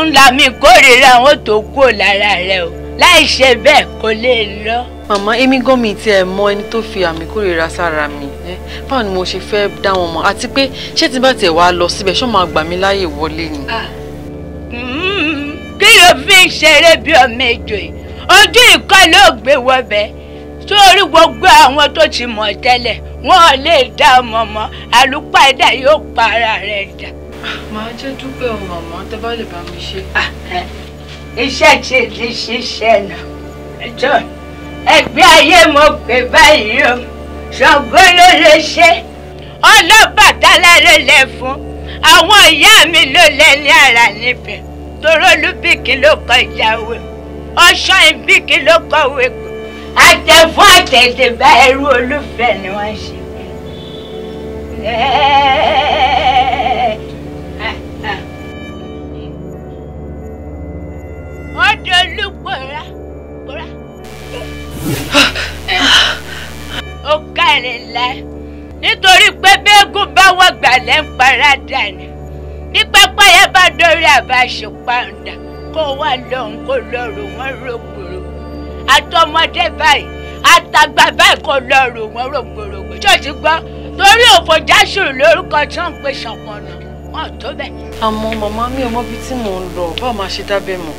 ńlá mi kórìíra wọn tó kú lára rẹ o láì ṣe bẹ́ẹ̀ kò lè lọ. màmá èmi gan mi tiẹ̀ mọ ẹni tó fi àmì kórìíra sára mi báwo ni mo ṣe fẹ́ dá wọn mọ̀ àti pé ṣé tí bá tiẹ̀ wá lọ síbẹ̀ ṣọ́ máa gbà mí láàyè wọlé ni. Ah. Hmm. kí ló fi ń ṣeré bí ọmọ èjò yìí ojú ìkọ́ ló gbé wọbẹ̀ sórí gbogbo àwọn tó ti mọ̀ tẹ́lẹ̀ wọn ò lè dá ọmọ mọ́ àlùpàdà yóò para rẹ̀ dà. Ah, màá jẹ́ dúpẹ́ o màmá tẹ́ bá lè bá mi ṣe. Ah, eh iṣẹ́ ti di ṣiṣẹ́ nà ẹjọ́ ẹgbẹ́ ayé mo pè báyìí o Ṣàngó ló lè ṣe ọlọ́bàtálá ló lè fún àwọn ìyá mi ló lẹ ara níbẹ̀ torí olúbìkì ló kọ ìyàwó ọṣọ ìbìkì ló kọ wẹ̀kọ àtẹ̀fún àtẹ̀dẹ̀bá ẹrú olúfẹ́ ni wọ́n ṣe. Dolu Bora. Bora. Ó kàrẹ̀ la. Nítorí pé bẹ́ẹ̀gùn bá wọ́n gbà lẹ́ ń paradà ni. Bí pápá yẹn bá dórí àbáṣe pàǹdà kó wà lọ́hùn kó lọ́rùn wọn rògbòrò. Àtọmọdé báyìí, àtàgbà báyìí kó lọ́rùn wọn rògbòrò. Ṣọ́ọ̀ṣì gbọ́ torí òfò jáṣùrù lórúkọ tí wọ́n ń pè ṣànpọ̀nà má tó bẹ́ẹ̀. àmọ́ màmá mi ò mọ ibi tí mò ń lọ báwo máa ṣe dábẹ́ mọ̀.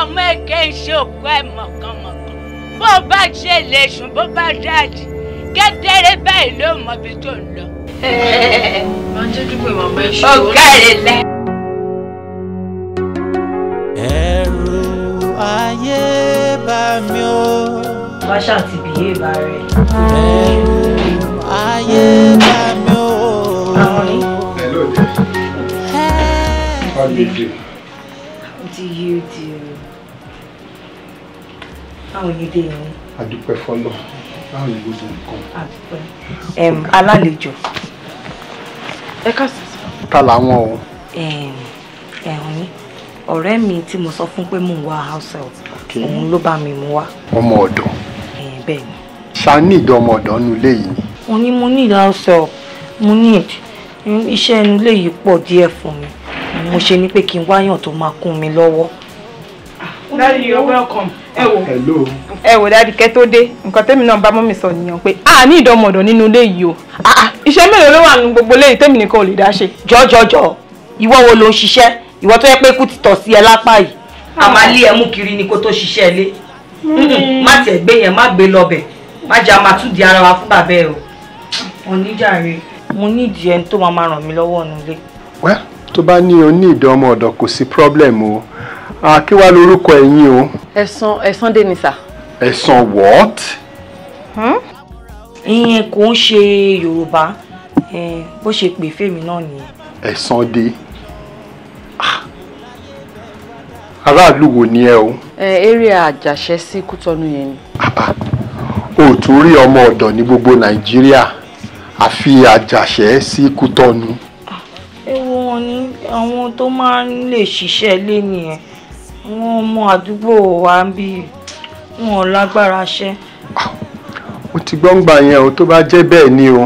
ọmọ èké ń ṣe òkú ẹ̀ mọ̀kànmọ̀kàn bó bá ṣe lè sùn bó bá dáàdì kékeré báyìí ló mọ ibi tó ń lọ. máa ń jẹ́ dúpẹ́ ayé bá mi ó. bá ṣáà bá rẹ̀. ẹ̀rù ayé bá What do you do? do you do? How are you doing? I do Báwo ni gbogbo nǹkan? Adúpẹ́. Um, alálejò. Ẹ káàsì. Ta làwọn o? Ẹ̀hún yín. Ọ̀rẹ́ mi tí mo sọ fún pé mò ń wá house help. Òun ló bá mi mú wá. Ọmọ ọ̀dọ̀. Bẹ́ẹ̀ ni. Ṣa ní ìdán ọmọ ọ̀dọ̀ nu ilé yìí? Mo ní mo house help. Mo ní iṣẹ́ inú ilé yìí mo ṣe ni pé kí n wáyàn tó máa kún mi lọ́wọ́. Daddy, you're welcome. Ẹ wò. Hello. Ẹ wò daddy kẹ́ tó dé. Nǹkan tẹ́mi náà bá mọ́mì sọ nìyẹn pé a ah, ní ìdánmọ̀dọ̀ nínú ilé yìí o. Ah, ah, iṣẹ́ mélòó ló wà nínú gbogbo léyìí tẹ́mi nìkan ò lè dá ṣe. Jọ̀jọ̀jọ̀, ìwọ wo ló ń ṣiṣẹ́? Ìwọ tó yẹ pé ikú ti tọ̀ sí ẹ lápá yìí. A máa lé ẹmú kiri ni kó tó ṣiṣẹ́ ilé. Mm. Má tiẹ̀ gbé yẹn, má gbé lọbẹ̀. Má jẹ́ a máa tún di ara wa fún bàbá ẹ o. Oníjàre. Mo ní ìdí ẹni tó máa máa ràn mí lọ́wọ́ nílé. Well, tó bá ní o ní ìdán ọmọ ọ̀dọ̀ kò sí problem o kí wàá lórúkọ ẹ̀yin o. ẹ̀sán ẹ̀sán dé ni sà. ẹ̀sán what. Hmm? ìyẹn kò ń ṣe yorùbá bó ṣe pè fèmí náà nìyẹn. ẹ̀sán dé ah! aráàlú wo ni ẹ o. eré àjàṣe sí kútọ́nù yẹn ni. o tún rí ọmọ ọ̀dọ̀ ní gbogbo nàìjíríà àfi àjàṣe sí kútọ́nù àwọn tó máa ń lè ṣiṣẹ́ lé nìyẹn àwọn ọmọ àdúgbò wa ń bí wọn lágbára ṣẹ́. o ti gbọ́ngbà yẹn o tó bá jẹ́ bẹ́ẹ̀ ni o.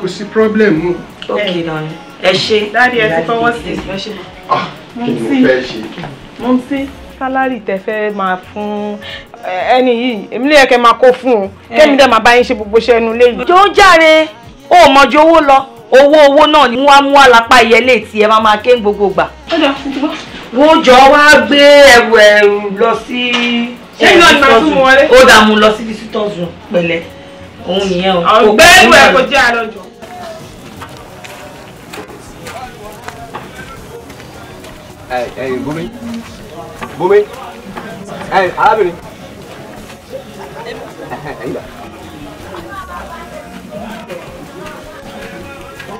kò sí pírọ́blẹ̀mù. ókè náà ni ẹ ṣe. dáàdi ẹ ti fọwọ́ sí i. Ah, kí ni mo fẹ́ ṣe. mo ń sí sálárì tẹ fẹ́ máa fún eh, ẹni yìí èmi lè yẹ kẹ́ máa kó fún un eh. kẹ́mi dẹ̀ máa bá yín ṣe gbogbo iṣẹ́ inú yìí. jọ̀ọ́ jàre o ò owó lọ owó owó náà ni wọ́n á mú àlápá ìyẹlé tí ẹ máa máa ké gbogbo gbà. wọ́n jọ wá gbé ẹrù ẹrù lọ sí. ṣé ìlú ọ̀nà tó mú wọlé. ó dààmú lọ sí visitors room pẹ̀lẹ́ òun nìyẹn o. ọ̀gbẹ́ ìwé kò jẹ́ àlọ́jọ. ẹ ẹ Bùnmi Bùnmi ẹ arábìnrin.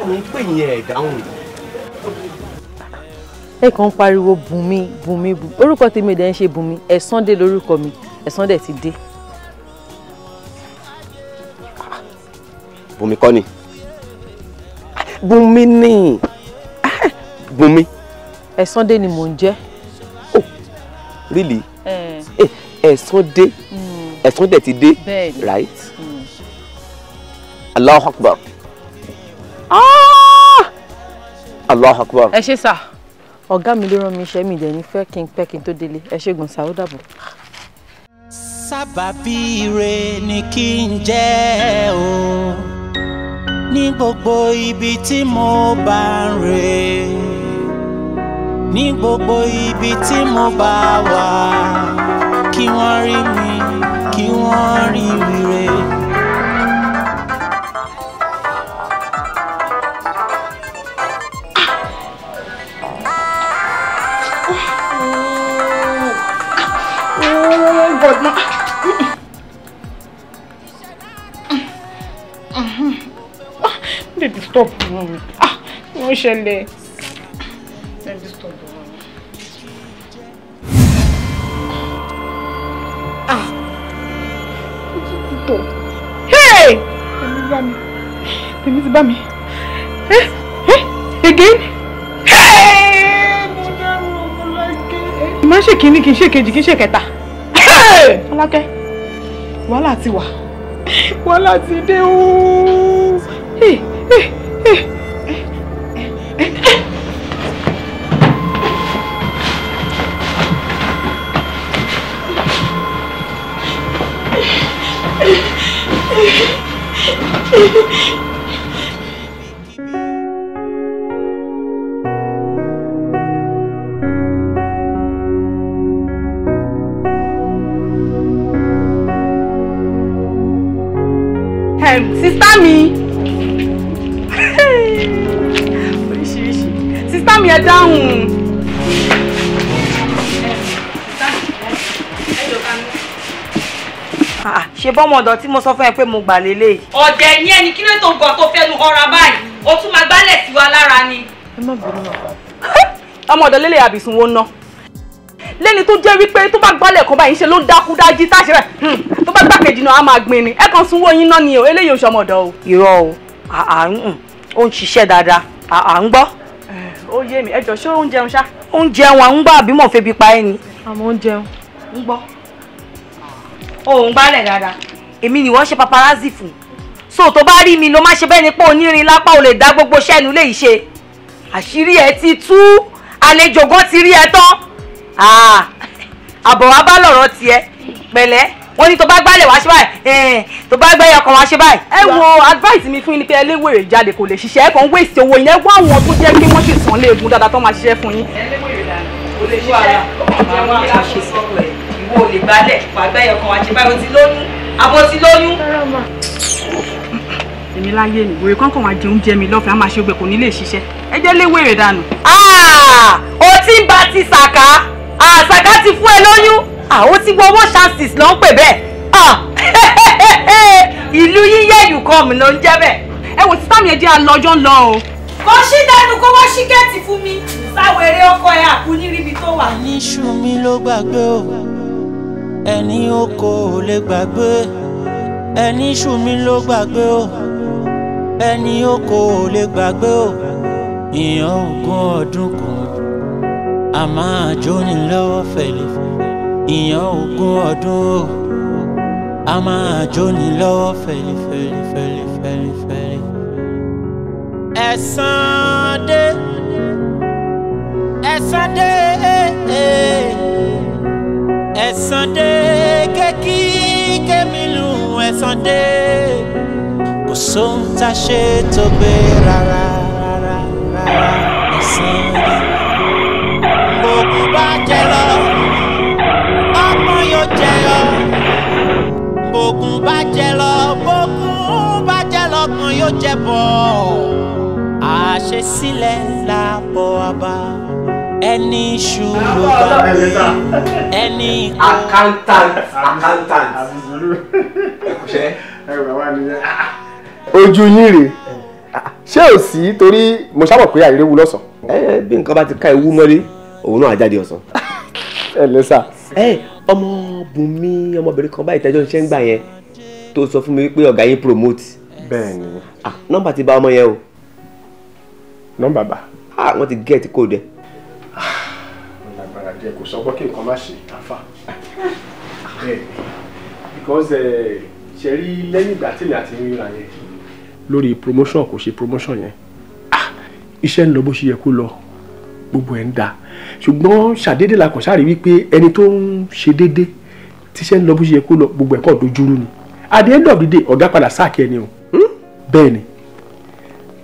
mi pè yín ẹ̀ dáhùn. ẹ kàn ń pariwo bùnmi bùnmi bùnmi orúkọ tèmi dẹ̀ ń ṣe bùnmi ẹ̀sán dé lórúkọ mi ẹ̀sán dẹ̀ ti dé. bùnmi kọ́ ni bùnmi ni bùnmi. ẹ̀sán dé ni mò ń jẹ́. oh really eh, ẹ̀sán dé hmm. ẹ̀sán dẹ̀ ti dé right. Mm. Allahu Akbar. Ah! allah akbar. ẹ ṣe sà ọ̀gá mi ló rán mi iṣẹ́ mi dẹ̀ ní fẹ́ kí n pẹ́ kí n tó délé ẹ ṣe gùn sà ó dàbọ̀. sábàbí ire ni kí n jẹ́ o ní gbogbo ibi tí mo bá ń rè ní gbogbo ibi tí mo bá wà kí wọ́n rí mi kí wọ́n rí mi. me stop wọn mi. Wọ́n ṣẹlẹ̀. me stop wọn mi. Títọ̀. Tèmi bá mi. Tèmi ti bá mi. Eh, eh, again. Má ṣe kìíní kìí ṣe kejì kìí ṣe kẹta. Alákẹ́, wàhálà ti wà. Bọ́lá ti dé ooo. bọ́mọ ọ̀dọ̀ tí mo sọ fún ẹ pé mo gbà lélẹ̀ yìí. ọ̀dẹ̀ ni ẹni kí ló tó gan tó fẹnu ọ̀rá báyìí o tún máa gbálẹ̀ sí wa lára ni. ẹ má bínú ma. ọmọ ọ̀dọ̀ lélẹ̀ àbìsùn wo ná lẹ́ni tó jẹ́ wípé tó bá gbálẹ̀ kan báyìí ṣe ló ń dákú dájí táṣe rẹ̀ hmm, tó bá gbàkejì náà á máa gbin ni ẹ kàn sunwó yín náà ni o eléyìí oṣù ọmọdọ̀ o. irọ́ o mm, ó ń ṣiṣẹ́ dáadáa à ń gbọ́. Eh, ó yé mi ẹ jọ ṣé ó ń òun gbálẹ̀ dáadáa èmi ni wọ́n ṣe paparazzi fún so tó bá rí mi ló má ṣe bẹ́ẹ̀ ni pé onírin lápá ò lè dá gbogbo sẹ́nu lè ṣe àṣírí ẹ ti tú àlejò gan ti rí ẹ tán ah, àbọ̀ wa bá lọ̀rọ̀ tiẹ̀ pẹ̀lẹ́ wọ́n ní tó bá gbálẹ̀ wá ṣe báyìí tó bá gbẹ́yẹ ọkàn wá ṣe báyìí. ẹ wo advice mi fún ni pé ẹlẹ́wèrè jáde kò lè ṣiṣẹ́ ẹ kàn waste owó yẹn wá àwọn tó jẹ́ kí wọ́n ṣe sàn léegun dáadáa tó máa ṣiṣẹ́ fún yín. ẹlẹ́wèrè dáadáa kò lè ṣiṣẹ́ ó kàn máa ń ṣe sọ́ọ̀rọ̀ ẹ̀ o lè gbálẹ̀ pàgbẹ́yẹ kan àti báyọ̀ ti lóyún àbọ̀ ti lóyún. èmi láyé ni wèrè kankan wàá jẹ oúnjẹ mi lọ́fẹ̀ẹ́ á máa ṣe ọgbẹ́ kò ní lè ṣiṣẹ́ ẹ jẹ́ lé wèrè dànù. ó ah! ti ń ba ti sàkà àṣàkà ah, ti fún ẹ lóyún àwọn ah, tí wọ́n wọ́n chances ló ń pè bẹ́ẹ̀ *laughs* ìlú yíyẹ yùkọ́ọ̀mù ló ń jẹ́ bẹ́ẹ̀. ẹ wò sí sáàmì ẹjẹ àlọjọ ń lọ o. kò sí dẹnu kó wọ́n ṣíkẹ́ẹ̀tì fún mi sáwèrè ọkọ ẹ àkúnyíríbi tó wà. níṣu mi ló gbàgbé o ẹni oko ò lè gbàgbé ẹni ṣù mí ló gbàgbé o ẹni oko ò lè gbàgbé o ìyàn ogún ọdún kan a máa jóni lọ́wọ́ fẹ̀lẹ̀ ìyàn ogún ọdún o a máa jóni lọ́wọ́ fẹ̀lẹ̀ fẹ̀lẹ̀ fẹ̀lẹ̀ fẹ̀lẹ̀ fẹ̀lẹ̀. ẹ̀san dé ẹ̀san dé. Eh, eh. Esande dé kékí kémìlú ẹ̀sán dé kò sóhun tá a ṣe tó gbé rárá rárá rárá ẹ̀sán dé. gbogbo bá jẹ lọ ọmọ yóò jẹ yọ bógun bá jẹ lọ bógun bá jẹ lọ kan yóò ẹni iṣu ló ẹni accountant accountant ẹkùṣẹ. ojú yín rèé ṣé ò sí torí mo ṣàmọ̀ pé àìrè wu lọ́sàn. ẹ bí nǹkan bá ti ká ewu mọ́lé òun náà á jáde ọ̀sán. *laughs* ẹ lẹ sà. ẹ ọmọ bùnmi ọmọbìnrin kan báyìí tẹjọ ṣe ń gbà yẹn tó sọ fún mi wípé ọ̀gá yín promote. bẹ́ẹ̀ni. Ah, nọ́mbà ti bà ọmọ yẹn o. nọ́mbà bá. Ah, wọ́n ti gẹ́ẹ̀tì kóòdù ẹ̀ ẹ kò sọ gbọ́kẹ́ nǹkan má ṣe àfa because eh, ṣe rí lẹ́yìn ìgbà tí mi àti ríra yẹn lórí promotion kò ṣe promotion yẹn ah, iṣẹ́ ń lọ bó ṣe yẹ kó lọ gbogbo ẹ̀ ń da ṣùgbọ́n ṣàdédé la kàn ṣáàrí wípé ẹni tó ń ṣe déédé tíṣẹ́ ń lọ bó ṣe yẹ kó lọ gbogbo ẹ̀ kàn dojúrú ni at the end of the day ọ̀gá padà sáàkì ẹni o hmm? bẹ́ẹ̀ ni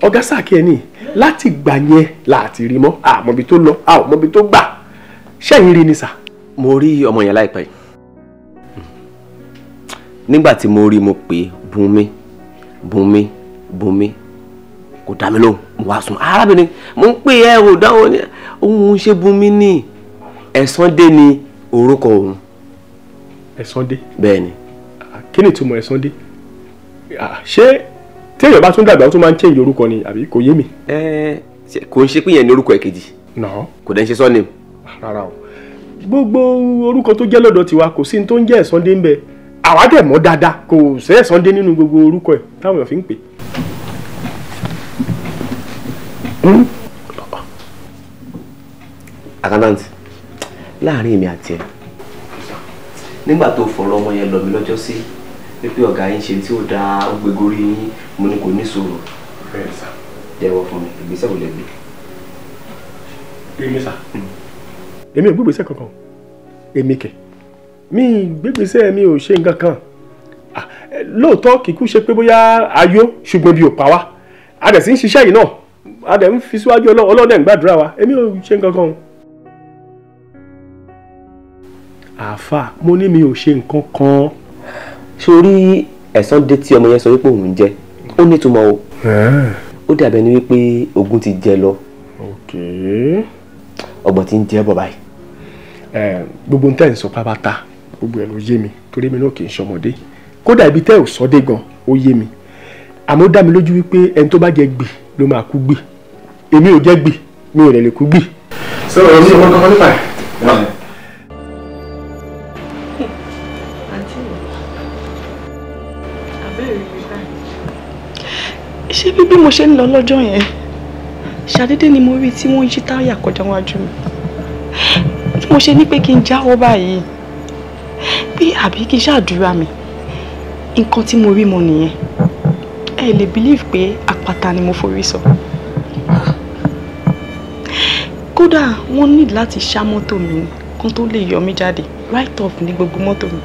ọ̀gá sáàkì ẹni láti gbà yẹn láti rí mọ́ àmọ́bi tó lọ àmọ́bi tó gbà ṣẹ́yìn rí ni sà. mo rí ọmọ yẹn láìpẹ́ nígbà tí mo rí mo pè é Bùnmi Bùnmi Bùnmi kò dá mi lóhùn mo wá sùn ah, arábìnrin mo ń pè ẹ ò dáhùn ní òun ṣe Bùnmi ní ẹ̀sán dé ni orúkọ òun. ẹ̀sán dé. bẹ́ẹ̀ ni. Ah, kí ni ìtumọ̀ ẹ̀sán dé ah, ṣé téèyàn bá tún dàgbà ó tún máa ń change orúkọ ni àbí kò yé mi. ẹ kò ń ṣe pé yẹn ni orúkọ ẹ kejì. kò dẹ́n ṣe sọ́ọ́nìmù rárá o gbogbo orúkọ tó jẹ́ lọ́dọ̀ tiwa kò sí ní tó ń jẹ́ ẹ̀sán dé ń bẹ àwa dẹ̀ mọ̀ dáadáa kò gbogbo orúkọ e táwọn èèyàn fi ń pè. Hmm? àkàntáǹtì láàrin èmi àti ẹ nígbà tó fọrọ ọmọ yẹn lọ mí lọ́jọ́ sí wípé ọ̀gá yín ṣe tí ó èmi ò gbégbèsè kankan èmi kẹ̀ mi gbégbèsè mi ò ṣe nǹkan kan ah, lóòótọ́ kìkú ṣe pé bóyá ayọ̀ ṣùgbọ́n bí ò pa wá a dẹ̀ sì ń ṣiṣẹ́ yìí náà a dẹ̀ ń fi síwájú ọlọ́dẹ̀ ń gbàdúrà wa èmi ò ṣe nǹkan kan. àáfà mo ní mi ò ṣe nǹkan kan. sórí ẹ̀sán dé tí ọmọ yẹn sọ wípé òun jẹ ó nítumọ̀ o ó dàbẹ̀ ni wípé ogun ti jẹ lọ ọgbọ̀n ti ń jẹ́ bọ̀ báyìí gbogbo ń tẹ̀ ń sọ pápátá gbogbo ẹ̀ ló yé mi torí mi náà kì í ṣọmọdé kódà ibi tẹ́ ò sọ dé gan ó yé mi àmọ́ dá mi lójú wípé ẹni tó bá jẹ gbè ló máa kú gbè èmi ò jẹ gbè mi ò rẹ̀ lè kú gbè. sọ èmi ò mọ kankan nípa ẹ̀. ṣé bí bí mo ṣe ń lọ lọ́jọ́ yẹn ṣàdédé ni mo rí tí wọ́n yí táyà kọjá wájú mi mo ṣe ní pé kí n jáwọ́ báyìí pé àbí kí n ṣàdúrà mi nǹkan tí mo rí mọ nìyẹn ẹ lè believe pé àpáta ni mo forí sọ kódà wọ́n ní láti ṣá mọ́tò mi kan tó lè yọ mí jáde right off ní gbogbo mọ́tò mi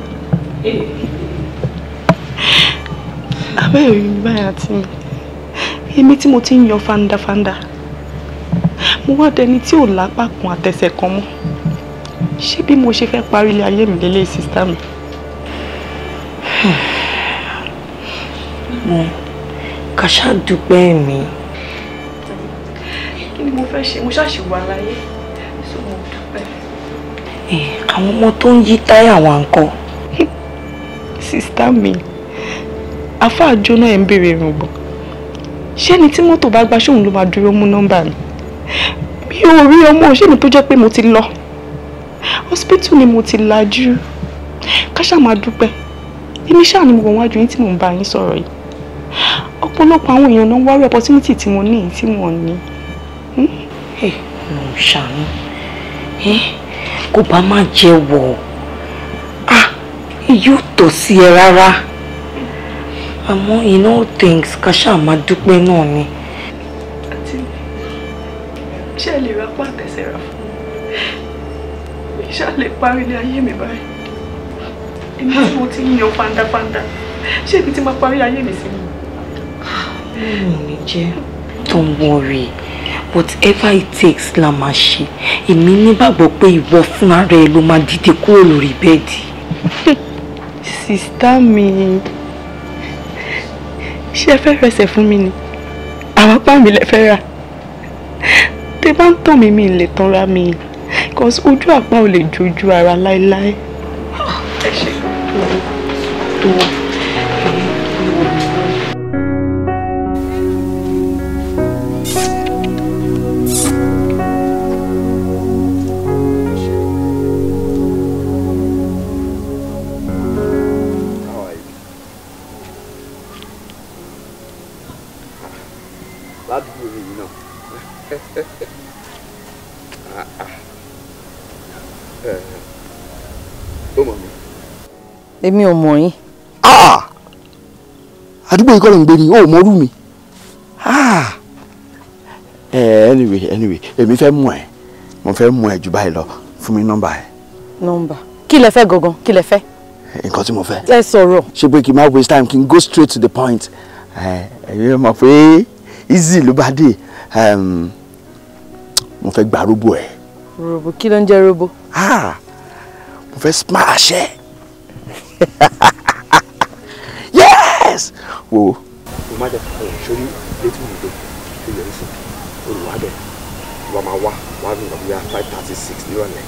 abẹ́rẹ́ mi báyà tí èmi tí mo ti ń yan fandafanda mo wá dẹni tí ò lápá kan àtẹsẹ̀ kan mọ́ ṣé bí mo ṣe fẹ́ parí ilé ayé mi lélẹ̀ sísá mi. *sighs* mo hmm. kàṣà dúpẹ́ mi. kí ni mo fẹ́ ṣe mo ṣáà ṣì wà láyé so mo dúpẹ́. Eh, àwọn ọmọ tó ń yí táyà wa ńkọ́. sísá mi àfáà jóná ẹ̀ ń béèrè ìrùngbọ̀n ṣé ni tí mọ́tò bá gba ṣóun ló máa dúró mú nọ́mbà mi mi ò rí ọmọ òṣèlú tó jẹ́ pé mo ti lọ hospital ni mo ti lajú ká ṣáà máa dúpẹ́ èmi ṣáà ni mo wọ̀ wájú yín tí mò ń bá yín sọ̀rọ̀ yìí ọ̀pọ̀lọpọ̀ àwọn èèyàn náà ń wárí opportunity tí mo ní tí wọ́n ní. Hmm? ẹ ló ń ṣàánú kó bá má jẹ wọ ah yóò tọ́ sí ẹ rárá àmọ́ in all things ká ṣáà máa dúpẹ́ náà ni. àti ṣé ẹ lè ra pàtẹ́sẹ̀ rà ṣá parí ilé ayé mi báyìí èmi tí mo ti yan fandafanda ṣé ibi tí máa parí ayé mi sí ni. mo ní jẹ́ don't worry whatever it takes la máa ṣe èmi nígbàgbọ́ pé ìwọ fúnra rẹ ló máa dìde kúrò lórí bẹ́ẹ̀dì. *laughs* sista mi ṣé ẹ fẹ́ rẹsẹ̀ fún mi ni àwọn apá mi lè fẹ́ rà tẹ bá ń tàn mí mi lè tanra mi because ojú àpá ò lè jojú ara láéláé. Ah, ẹ ṣe tó wà. èmi ò mọ̀ yín. Ah, ah. àdúgbò yìí kọ́ ló ń gbé ni ó mọ orú mi. Ah. Eh, anyway anyway èmi fẹ́ mú ẹ mo fẹ́ mú ẹ jù báyìí lọ fún mi nọ́mbà ẹ. nọ́mbà kí lẹ fẹ́ gangan kí lẹ fẹ́. nǹkan tí mo fẹ́. ẹ sọ̀rọ̀. ṣé pé kí n má waste time kí n go straight to the point eh, ẹ̀yin mọ̀ pé easy ló bá dé ehm, mo fẹ́ gba robo ẹ̀. robo kí ló ń jẹ́ robo. mo fẹ́ smash ẹ̀. *laughs* yes wo. mo má jẹ Show you. sórí létí mi lè tó yẹrí sí olùwádẹ wa máa wá wá ní ìgbà bóyá five thirty six nírọ̀lẹ́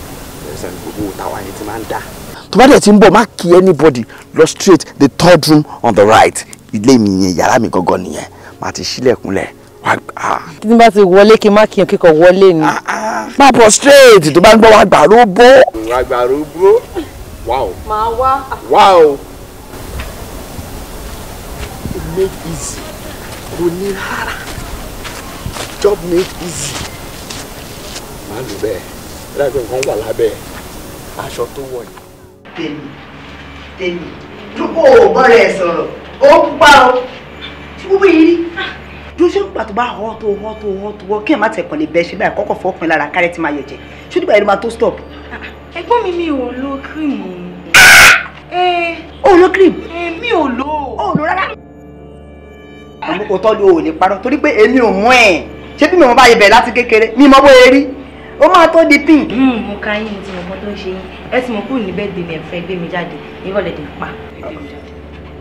ẹ̀sán gbogbo táwa yẹn ti máa ń dà. tó bá dẹ̀ ti ń bọ̀ má kí anybody lọ straight the third room on the right ilé mi yẹn yàrá mi gangan nìyẹn màá ti ṣílẹ̀kùnlẹ̀ tí n bá ti wọlé kí n má kí n kíkọ wọlé ni. Ah, ah. má prostrate tó bá ń gbọ́ wá gbàrú bó. wá gbàrú bó. Wow. o. wá. wá make easy kò ní rárá job make easy má lù bẹ́ẹ̀ láti nǹkan wà lábẹ́ aṣọ tó wọ̀ yìí. tèmi tèmi dúpọ̀ ò bọ́ra ẹ̀ sọ̀rọ̀ ó ń pa ọ́ tí wọ́n bẹ̀ yìí yóò ṣe ń pàtó bá họ tó họ tó họ tó họ kí ẹ má tẹ kàn lè bẹ ṣe báyìí kọ́kọ́ fọ́ ọkùnrin lára kárẹ́ tí máa yẹ jẹ ṣé nígbà yẹn ló máa tó stop. ẹ̀gbọ́n mi mi ò lo kírìmù. Eh. o lo kírìmù. Eh, mi ò lo. o lo rárá. òótọ́ ni o ò lè parọ́ torí pé èmi ò mú ẹ̀ ṣé bí mi ò bá yẹ bẹ̀rẹ̀ láti kékeré mi mọ́ bóyá rí ó máa tó di pink. Hmm, mo ka yín mo ti mọ̀ nǹkan tó ń ṣe yín ẹ ti mọ̀ kúrò níbẹ̀ dèmi ẹ̀fẹ́ gbé mi jáde nígbà ọ̀lẹ́dẹ̀ pa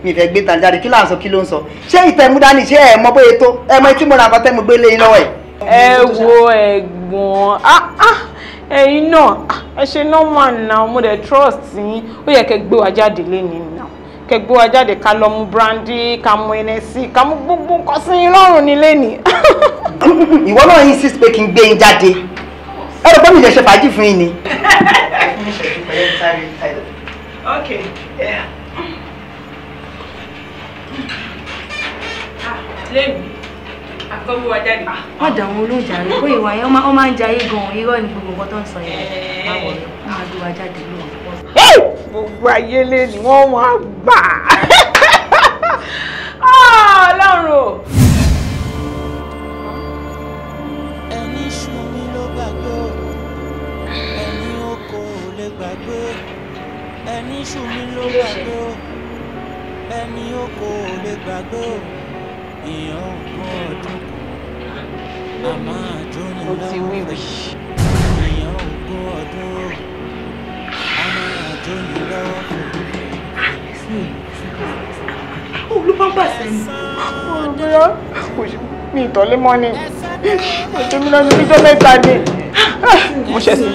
mi fẹ́ gbé tàn jáde kí là ń sọ kí ló ń sọ ṣé ìtẹ̀múdání ṣé ẹ̀ mọ bóyá tó ẹ mọ ìtumọ̀ náà kọ́tẹ́ gbé lé lọ́wọ́ ẹ̀. ẹ wo ẹ̀gbọ́n ah, ah, ẹ̀yin náà ah, ẹ ṣe normal náà mo dẹ̀ trust yín ó yẹ kẹ́ gbé wa jáde lénìí náà kẹ́ gbé wa jáde ká lọ mu brandy ká mu ẹnẹsì ká mu gbogbo nǹkan sí ni lọ́rùn ní lénìí. *laughs* ìwọ náà insist pé kí n gbé yín jáde ẹ rò pé mi lè ṣe fàájì fún yín ni. *laughs* ok yeah. lẹ́nu àkọ́wé wa jáde. Ah, wọ́n dà wọn olóòjà rẹ̀ kó ìwà yẹn ó máa ń jayé gan irọ́ ni gbogbo nǹkan tó ń sọ yẹn láwọ̀ rẹ̀ ó jáde lóòótọ́. gbogbo ayé ni wọ́n máa gbà á *laughs* ah, ẹni sùn mi ló gbàgbé o ẹni oko ò lè gbàgbé ẹni sùn mi ló gbàgbé o ẹni oko ò lè gbàgbé o èèyàn ọgbọ́n ọdún kan a máa jóni lọ́wọ́ èèyàn ọgbọ́n ọdún a máa jóni lọ́wọ́. olùbọ́bà sẹ́yìn ọ̀gbẹ́yà kò sí mi ìtọ́lé mọ́ ni ọjọ́ mi lọ́dún bíjọ́ mẹ́ta ni mo ṣẹ̀sìn.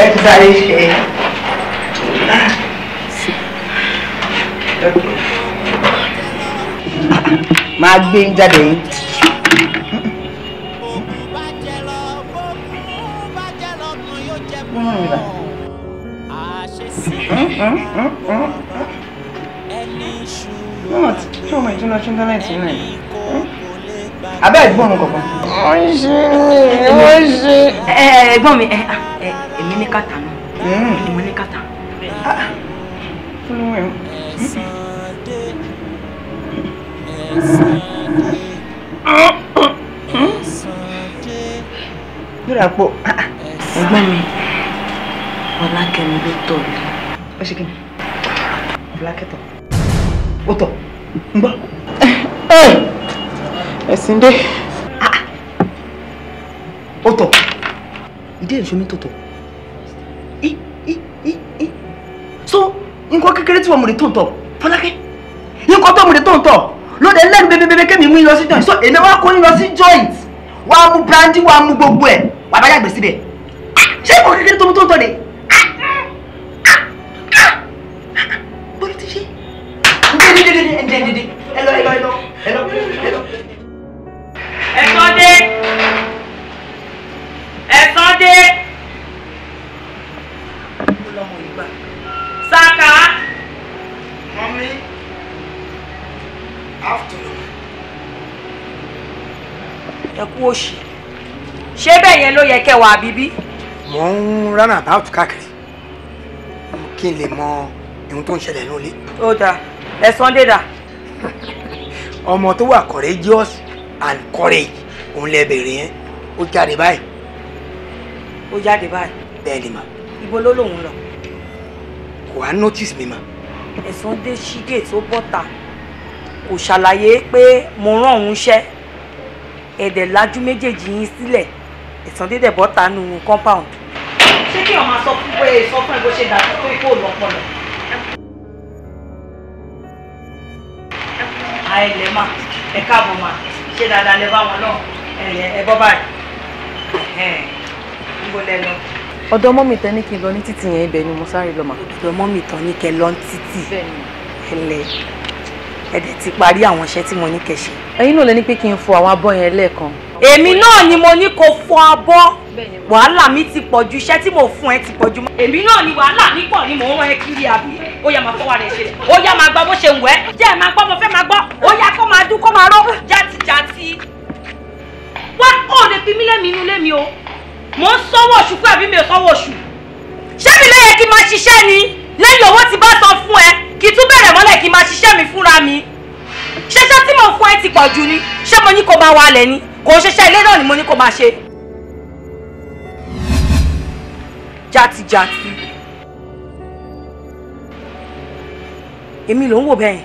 ẹ máa rí máa gbé ń jáde yín. tí ọmọ ìjọba ṣe ń dá láìsí náà abẹ́ ẹ̀gbọ́n mi kọ̀ọ̀kan. ó ń ṣe ó ń ṣe. ẹ̀gbọ́n mi èmi ní kàtà náà hmm. èmi ní kàtà. fúnni ah. wẹ̀rù. Dúràpọ̀, ẹ̀gbọ́n mi, Ọlákẹ́mi ló tọ̀ mí. Ó ṣe kí ni? Ọlákẹ́tọ̀. Ó tọ̀, ń gbọ́. Ẹ̀sìn dé. Ah, ah. Ó tọ̀. Ìdí èso mi tó tọ̀. So, nǹkan kékeré tí wọ́n mú de tó ń tọ̀, Fọlákẹ́, nǹkan tó mú de tó ń tọ̀ lóde lẹ́nu bẹ́bẹ́bẹ́ kémi mú yín lọ sí joint so èmi wá kó yín sí joint wàá mú brandy wàá mú gbogbo ẹ̀ wàá bá yàgbẹ́ síbẹ̀ ah! ṣé ìmọ̀ kékeré tó mú tó ń tọ́ de kú òṣì ṣé bẹ́ẹ̀ yẹn ló yẹ kẹwàá àbíbí. mò ń rán àbáwọ̀tù káàkiri kí n lè mọ ohun tó ń ṣẹlẹ̀ lólè. ó dáa ẹ̀sán dé dà. ọmọ tó wà courageous and courage òun lè bèrè yẹn ó jáde báyìí. ó jáde báyìí. bẹ́ẹ̀ ni mà. ibo ló lòun lọ. kò wá notice mi mà. ẹ̀sán dé ṣígè tó bọ́ta kò ṣàlàyé pé mo rán òun ṣẹ́ ẹ̀dẹ̀ lajú méjèèjì yín sílẹ̀ ìsàndédè bọ́ta nu compound. ṣé kí ọmọ sọ fún pé sọ fún ẹ bó ṣe dàgbà tó ikú òlọpọlọ. àìlè mà ẹ káàbọ̀ mà ṣé dáadáa lè bá wọn náà ẹ bọ́ báyìí níbo lẹ lọ. ọ̀dọ̀ mọ́mì tán ní kí n lọ ní títì yẹn ibẹ̀ ni mo sáré lọ mà. ọ̀dọ̀ mọ́mì tán ní kẹ lọ ní títì ẹ lẹ ẹ̀dẹ̀ ti parí àwọn iṣẹ́ tí mo ní kẹ́ ṣe. náà lẹ pé kí n fọ àwọn abọ́ yẹn lẹ́ẹ̀kan. èmi náà ni mo ní kó fọ abọ́ wàhálà mi ti pọ̀ ju iṣẹ́ tí mo fún ẹ ti pọ̀ ju. èmi náà ni wàhálà mi pọ̀ ni mò ń rán ẹ kiri àbí ó yá máa fọwọ́ rẹ̀ ṣe ó yá máa gbọ́ bó ṣe ń wẹ́ jẹ́ ẹ̀ máa gbọ́ mo fẹ́ máa gbọ́ ó yá kó máa dún kó máa rọ́ játijàti. wá ò lè fi mí lẹ́mìí inú lẹ́mìí o mò ń sanwó oṣù àbí mi ò sanwó oṣù ṣé mi ló yẹ kí n máa ṣiṣẹ́ ni lẹ́yìn owó ti bá san fún ẹ kí tún bẹ̀rẹ̀ mọ́lẹ̀ kí n máa ṣiṣẹ́ mi fúnra mi ṣẹṣẹ tí mò ń fún ẹ ti pọ̀ jù ni ṣé mo ní kó máa wálẹ̀ ni kò ṣẹṣẹ ilé náà ni mo ní kó máa ṣe. játijàti èmi ló ń wò bẹ́ẹ̀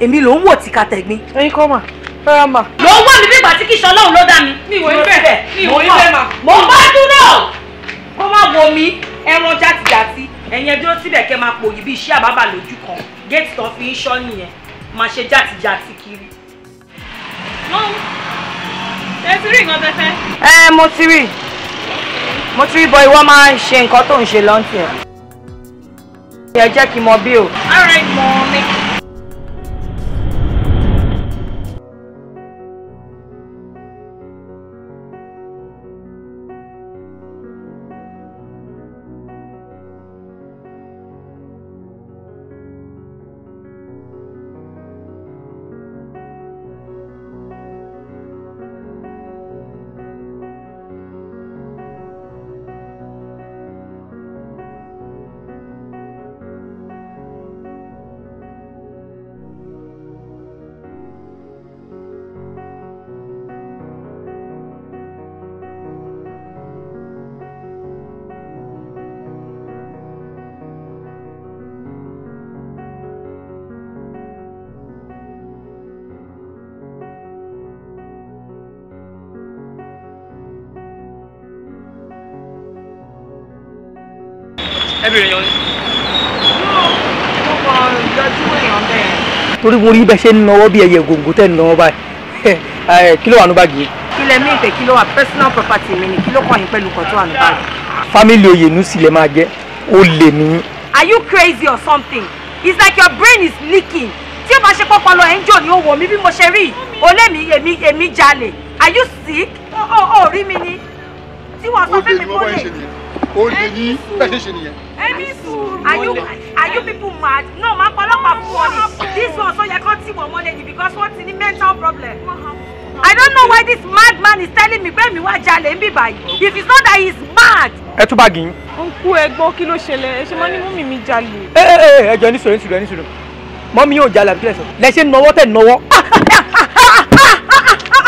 èmi ló ń wò tìkatẹ̀gbin. ẹyin kọ́ mà fẹ́ràn mà. ló ń wò mí bí ìgbà tí kì í ṣe ọlọ́run ló dá mi. mi ìwò ibẹ̀ mi ìwò ibẹ̀ mà. mo bá dúró kó má wo mi ẹran játijàti ẹ̀yin ẹdúró síbẹ̀ kẹ́ máa pòyì bí iṣẹ́ àbábà lójú kan géètì tán fi ń ṣọ́ nìyẹn máa ṣe jàtijàti kiri. ẹ ti rí nǹkan tẹ́fẹ́. mo ti rí mo ti rí bọ ìwọ máa ń ṣe nǹkan tó ń ṣe lọ́ntì ẹ̀. ẹ jẹ́ kí n mọ bí o. all right mommy. torí mo rí bẹ́ ṣe ń bí ẹyẹ gòǹgò tẹ́ ń náwó báyìí *laughs* kí ló wà ní báàgì yìí. ilẹ̀ mi ìfẹ́ kí ló wà personal property mi ni kí ló kàn yín pẹ̀lú kan tó wà family oyè nu sì máa jẹ́ ó lè mí. are you crazy or something? it's like your brain is leaking tí o bá ṣe pọ́pọ́ lọ ẹ̀ńjọ́ ni ó wọ̀ mí bí mo ṣe rí olémi èmi èmi jalè are you sick? ó ó rí mi ni tí wọ́n sọ fún mi kó lè. ó lè ní bẹ́ẹ̀ ṣe ṣe nìyẹn. Are you are you people mad? No, ma palopa fun This one so you can't see one money because wọ́n ti ní mental problem. I don't know why this mad man is telling me pé mi wá jalè nbi báyìí. If it's not that he's mad. Ẹ tún báàgì yín. Òkú ẹgbọ́n kí ló ṣẹlẹ̀? Ẹ ṣe mọ́ ní mú mi mi jalè. Ẹ ẹ ẹ ẹjọ ní sùúrù ní sùúrù ní sùúrù. Mọ́mí yóò jalè àbí kílẹ̀ sọ. Lẹ ṣe nọwọ́ tẹ̀ nọwọ́.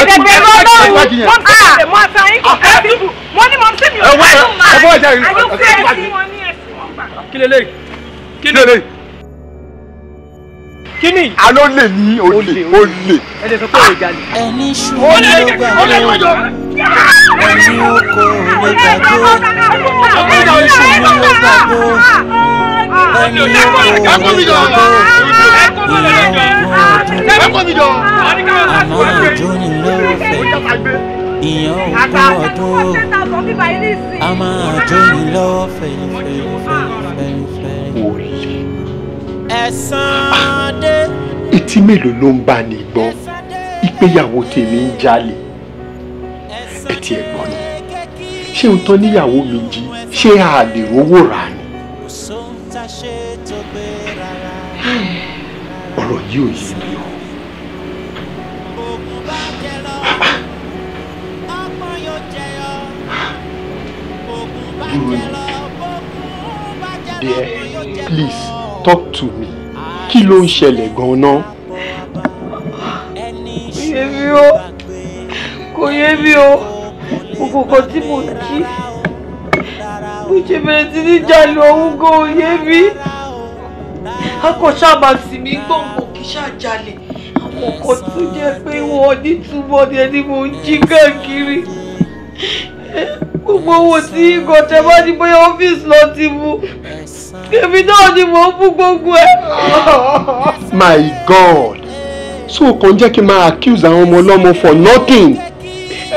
ìdẹ̀gbẹ̀ lọ́lọ́run mo àtà alo le ni o le o le. ẹni sọ pé o ẹni ṣùgbọ́n ló bá ẹni oko lè gbàgbó ìyàn a máa jóni lọ́wọ́ fẹ̀yìnfẹ̀yìnfẹ̀yìnfẹ̀. wòlíì ẹ̀sán dé. etí mélòó ló ń bá ní gbọ́ ìgbéyàwó tèmi ń jalè ẹ tiẹ̀ gbọ́ ni ṣé n tán níyàwó mi jí ṣé a lè rówó rà ni ọ̀rọ̀ yìí ò mi o. Dear, please talk to me. Kí ló ń ṣẹlẹ̀ gan-an? Kò yé mi o, kò yé mi o, gbogbo kan tí mo jí, mo ṣe bẹ̀rẹ̀ sí ní jalè ọ̀hún gan yé mi akọ ṣáàbà sì mí gbọ̀ngàn kì í ṣàjálè àwọn kan tó jẹ́ pé wọn nítumọ̀ ni ẹni mo ń jí káàkiri gbogbo owó tí gọ̀tẹ̀ bá ní bóyá ọ́fíìsì lọ ti mú èmi náà ni mò ń mú gbogbo ẹ. my god so kò ń jẹ́ kí n máa accuse àwọn ọmọ ọlọ́mọ for nothing.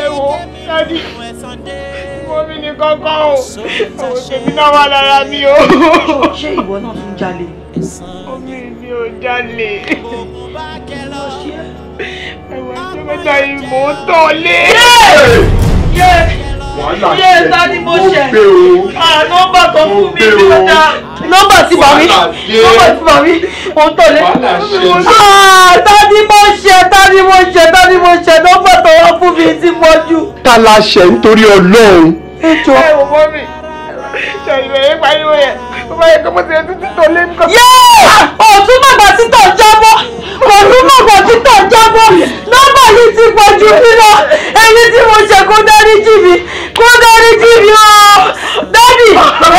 ẹ wo dadi wọ́n mi ní kọ́kọ́ o àwọn tèmi náà wà lára mi o. ṣé ìwọ náà tún jalè mi sàn. omi mi ò jalè. ẹ̀wọ̀n tó mẹ́ta yìí mò ń tọ́lé. yé ta ni mo ṣe nọ́mbà tó fún mi ló dá nọ́mbà tí bàmí nọ́mbà tí bàmí mò ń tọ́lé. ta ni mo ṣe ta ni mo ṣe ta ni mo ṣe nọ́mbà tó wá fún mi ti mọ́jú. ta la ṣe nítorí ọlọ́run. ẹ jọ. ẹ wò mọ́ mi ṣàlùwẹ̀ yín pariwo yẹn bàbá yẹn kọ́ mo ti ẹtí títọ̀ lé mi kọ́. yéè òtún bàbá títọ̀ jábọ́ òtún bàbá títọ̀ jábọ́ nọ́mbà yìí ti pọ̀ jù mí lọ ẹni tí mo ṣe kó dáríjì mi kó dáríjì mi o dádì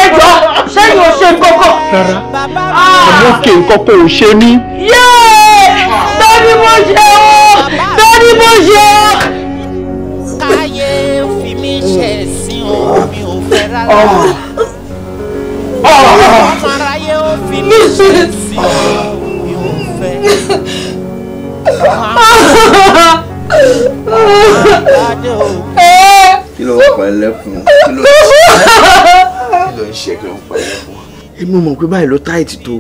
ẹjọ́ sẹ́yìn ò ṣe kọ́kọ́. rárá àwọn kì í kọ́kọ́ ò ṣe mí. yéè visions. kí ló ń pa ẹlẹ́kùn kí ló ń ṣe kí ló ń pa ẹlẹ́kùn. èmi mọ̀ pé báyìí ló táìtì tó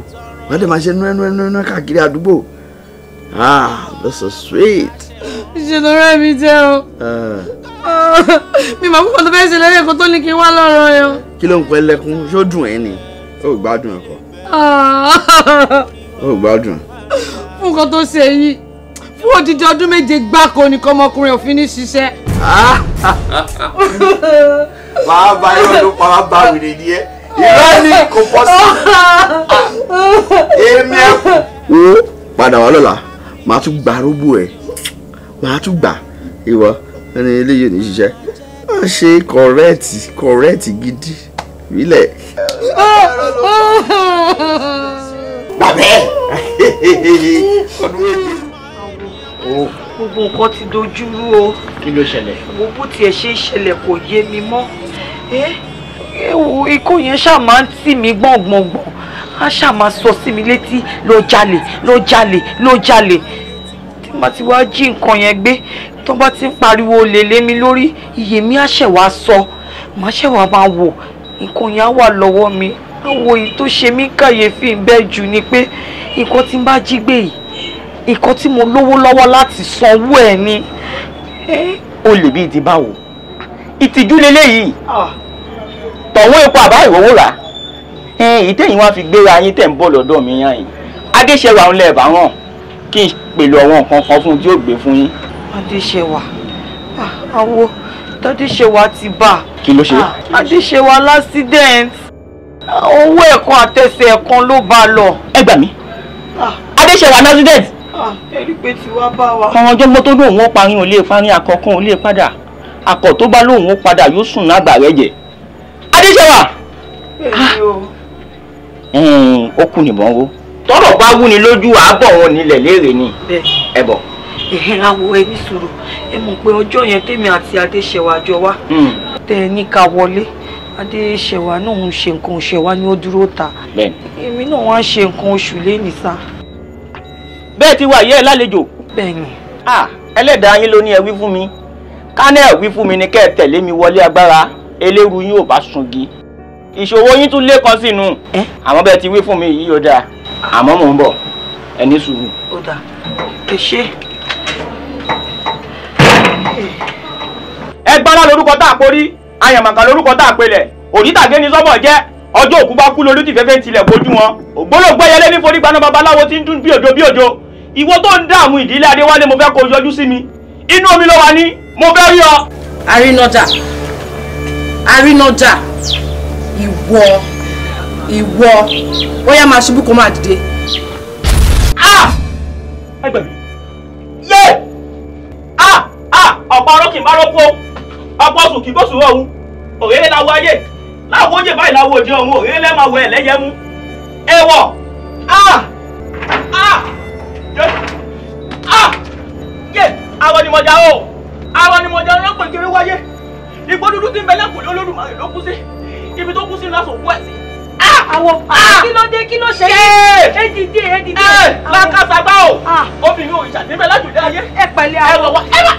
wọ́n dẹ̀ máa ṣe nú ẹnu ẹnu káàkiri àdúgbò ah that's so sweet. ìṣèlú rẹ mi jẹ o mi màá kúkọ tó fẹ́ ṣe lẹ́yìn ẹ̀kọ́ tó ní kí n wá lọ́rọ̀ ẹ o. kí ló ń pẹ́ lẹ́kún ṣó dùn ẹ́ ni ó gbádùn ẹ̀kọ́. Ah. *laughs* ó gbádùn. fún nǹkan tó ṣe yìí fún odidi ọdún méje gbáko ni kọ́mọkùnrin òfin ní ṣiṣẹ́. *laughs* màá bá irọ́ ló pa wá bá wèrè ni ẹ irọ́ ni kò bọ́ sí èmi ẹ. wo padà wá lọ́la màá tún gbà arúgbó ẹ màá tún gbà ìwọ ẹni eléyìí ò ní ṣiṣẹ́ wọ́n ṣe kọ̀rẹ́ẹ̀tì kọ̀rẹ́ẹ̀tì gidi wílẹ̀. bàbẹ́ ọdún méje. gbogbo nǹkan ti dojú rú o. kí ló ṣẹlẹ̀. wo bó tiẹ̀ ṣe ń ṣẹlẹ̀ kò yé mi mọ́ ewu ikú yẹn ṣáà máa ń tì mí gbọ̀ngbọ̀ngbọ̀n á ṣáà máa sọ sí mi létí lọ jalè lọ jalè lọ jalè tí màá ti wá jí nǹkan yẹn gbé tó bá ti ń pariwo olè lé mi lórí iyè mi á ṣẹ̀ wá sọ màá ṣẹ̀ wá máa wò nǹkan yẹn á wà lọ́wọ́ mi àwọn èyí tó ṣe mí kàyéfì ń bẹ́ẹ̀ jù ni pé nǹkan tí n bá jí gbé yìí nǹkan tí mo lówó lọ́wọ́ láti sanwó ẹ̀ ni. o lè bí ti báwo ìtìjú leléyìí ah. tọ̀wọ́n epo àbá ìrówó rà ìtẹ̀yìn wá fi gbéra yín tẹ̀ ń bọ̀ lọ́dọ̀ mi yàn yìí adéṣẹwà ń lẹ̀ bá wọn kí n pèlò àwọn nǹkan kan fún un tí yóò gbé fún yín. adéṣẹwà ah, àwo tádéṣewà ti bà. kí ló ṣe. adéṣewà ah, l'accident owó ẹ̀kan àtẹsẹ̀ ẹ̀kan ló bá lọ. ẹ gbà mí ah. adéṣewà l'accident. Ah, ẹrí pé tí wàá bá wa. àwọn ọjọ́ mọ́tò lòun ó parin ò lè parin àkọ́kọ́ ò lè padà akọ̀ tó bá lòun ó padà yóò sùn ní àgbàrẹ́ jẹ. adéṣewà. bẹ́ẹ̀ni o. ó kù nìbọn wo tọ́rọ̀ bá wúni lójú àábọ̀ wọn nílẹ̀ léèrè ni. bẹ́ẹ̀ ẹ̀hìn àwọ̀ ẹ ní sùúrù ẹ mọ̀ pé ọjọ́ yẹn tèmi àti adéṣẹ̀wà jọ wá hmm. tẹ ẹ ní ká wọlé adéṣẹ̀wà náà ń ṣe nǹkan òṣèwà ni ó dúró ta èmi náà wá ń ṣe nǹkan oṣù lẹ́nìí sá. bẹ́ẹ̀ ti wà yẹ́ ẹ lálejò. bẹ́ẹ̀ni. Ah, ẹlẹ́dàá yín ló ní ẹ wí fún mi kánẹ́ wí fún mi ni kẹ́ ẹ tẹ̀lé mi wọlé agbára eléru yín ò bá sungi ìṣòwò yín tún lé kan sínú àmọ́ bẹ́ẹ̀ ti wí fún mi yìí ó dáa àmọ́ mò ń bọ̀ ẹ ní sùúrù. ó dáa kò agbára lorúkọ tá a porí ayàmàkà lorúkọ tá a pelẹ̀ onítàgé ni sọ́mọ̀ jẹ́ ọjọ́ òkú bá kú lórí tìfẹ́fẹ́ tilẹ̀ kojú wọn ògbólógbẹ́yẹlé ní forí gbaná babaláwo tí ń dún bí òjò bí òjò ìwọ tó ń dààmú ìdílé adéwálé mo fẹ́ kó yọjú sí mi inú omi ló wà ní mo fẹ́ rí ọ. àrínájà àrínájà ìwọ ìwọ ó yá máa ṣubú kó máa dìde. ẹgbẹ̀rún yé ọ̀pá ọlọ́kìn bá rọ́pò abọ́sùn kì bọ́sùn ọ̀hún òrèlé lawọ ayé láwọ oúnjẹ báyìí láwọ òde ọ̀hún òrèlé máa wọ ẹ̀lẹ́yẹ mú ẹ̀wọ̀ ah ah ah yé àwọn ni mo jà o àwọn ni mo jà ọlọ́pàá kiri wáyé igbó dúdú ti ń bẹ lẹ́kùn Olódùmarè ló kú sí ibi tó kú sí lásán òkú ẹ̀ sí ah! àwọn ah! ah! kí ló dé kí ló ṣe é ẹ dìde ẹ dìde. ẹ máa kásá o obìnrin òrìṣà níbẹ̀ lájòjá ayé. ẹ pẹ̀lẹ́ ẹ wọ wá ẹ wá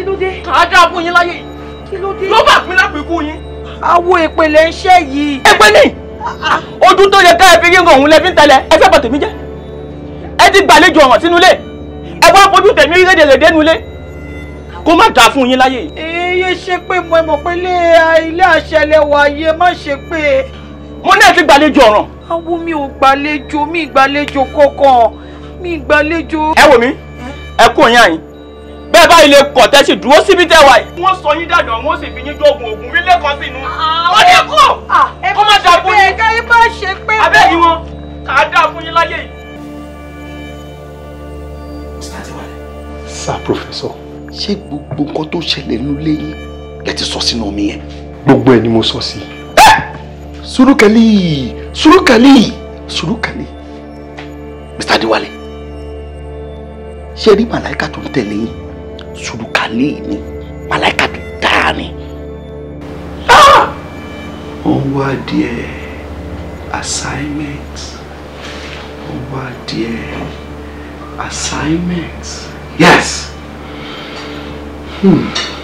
kí ló dé. àádá fún yín láyé yìí. kí ló dé. ló bá pín lápẹ̀kú yín. awo ìpele ń ṣe yìí. èpè ni ojú tó yẹ ká ẹ fi yín ọ̀hún lẹ́bí ń tẹ̀lẹ̀ ẹ fẹ́ bà tèmi jẹ́. ẹ ti gbàlejò ọ̀ràn sínú ilé ẹ wá fojú tèmi rédèrèdè nu ilé kó má dáa fún yín láyé yìí. èyí ṣe pé mo mọ̀ pé ilé àṣẹlẹ̀ wà yẹ má ṣe pé. mo náà ti gbàlejò ọ̀ràn. awo mi ò gbàlejò mi ìgbàlejò kankan mi ìgbàlejò. ẹ wò mí ẹ kú òyìn àyín bẹ́ẹ̀ báyìí lè kọ̀ tẹ́sí dúró síbi tẹ́ wáyé. wọ́n sọ yín dànù wọ́n sì fi yín jọ́gun ògùn mi lẹ́kọ̀ọ́ sí inú. wọ́n ah, ní kú ah, ah, kó má dà fún yín. ẹ má ṣe pé wọ́n. abẹ́ẹ̀ni wọn kà á dà fún yín láyé yìí. sir professor ṣé gbogbo nǹkan tó ṣẹlẹ̀ nínú ilé yín ẹ ti sọ sínú omi yẹn. gbogbo ẹ ni mo sọ sí. surukali surukali surukali mr adiwale ṣe rí màláìka tó ń tẹ̀lé yín surukale ni màláìka tó dáa ni. ó ń wá díẹ̀ assignment ó ń assignment yes. Hmm.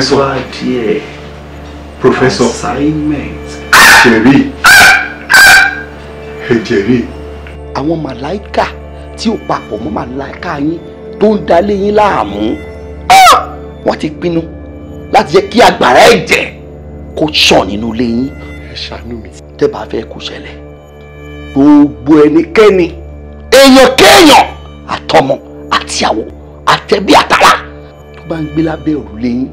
professor professor Assignment. jẹ̀rí Hey, jẹ̀rí. àwọn màláìkà tí ò papọ̀ mọ́ màláìkà yín tó ń dalé yín láàmú wọ́n ti pinnu láti jẹ́ kí agbára ẹ̀jẹ̀ kó sàn nínú ilé yín. ẹ ṣàánú mi. tẹ́ bá fẹ́ kó ṣẹlẹ̀ gbogbo ẹnikẹ́ni èèyàn kéèyàn àtọmọ àti àwọ àtẹbí àtàrà tó bá ń gbé lábẹ́ òrùlé yín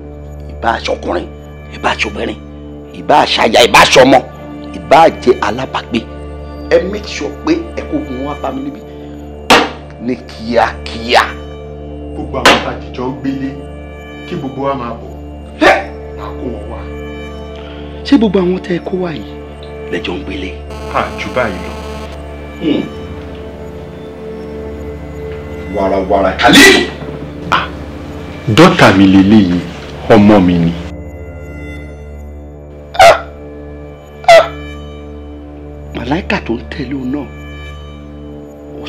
ìbá aṣọkùnrin ìbá aṣọbìnrin ìbá aṣaya ìbá aṣọmọ ìbá jẹ alábàgbé ẹ make sure pé ẹ kó gun wá bá mi níbi ní kíákíá. gbogbo àwọn àtàjìjọ ń gbélé kí gbogbo wa máa bọ̀ máa kó wọn wá. ṣé gbogbo àwọn tẹ ẹ kó wá yìí lẹjọ ń gbélé. àjù báyìí lọ. Hmm. warawara kàlí. Ah! dọ́tà mi lélẹ́yìí ọmọ mi ni. màláìkà tó ń tẹ̀lé òun náà ó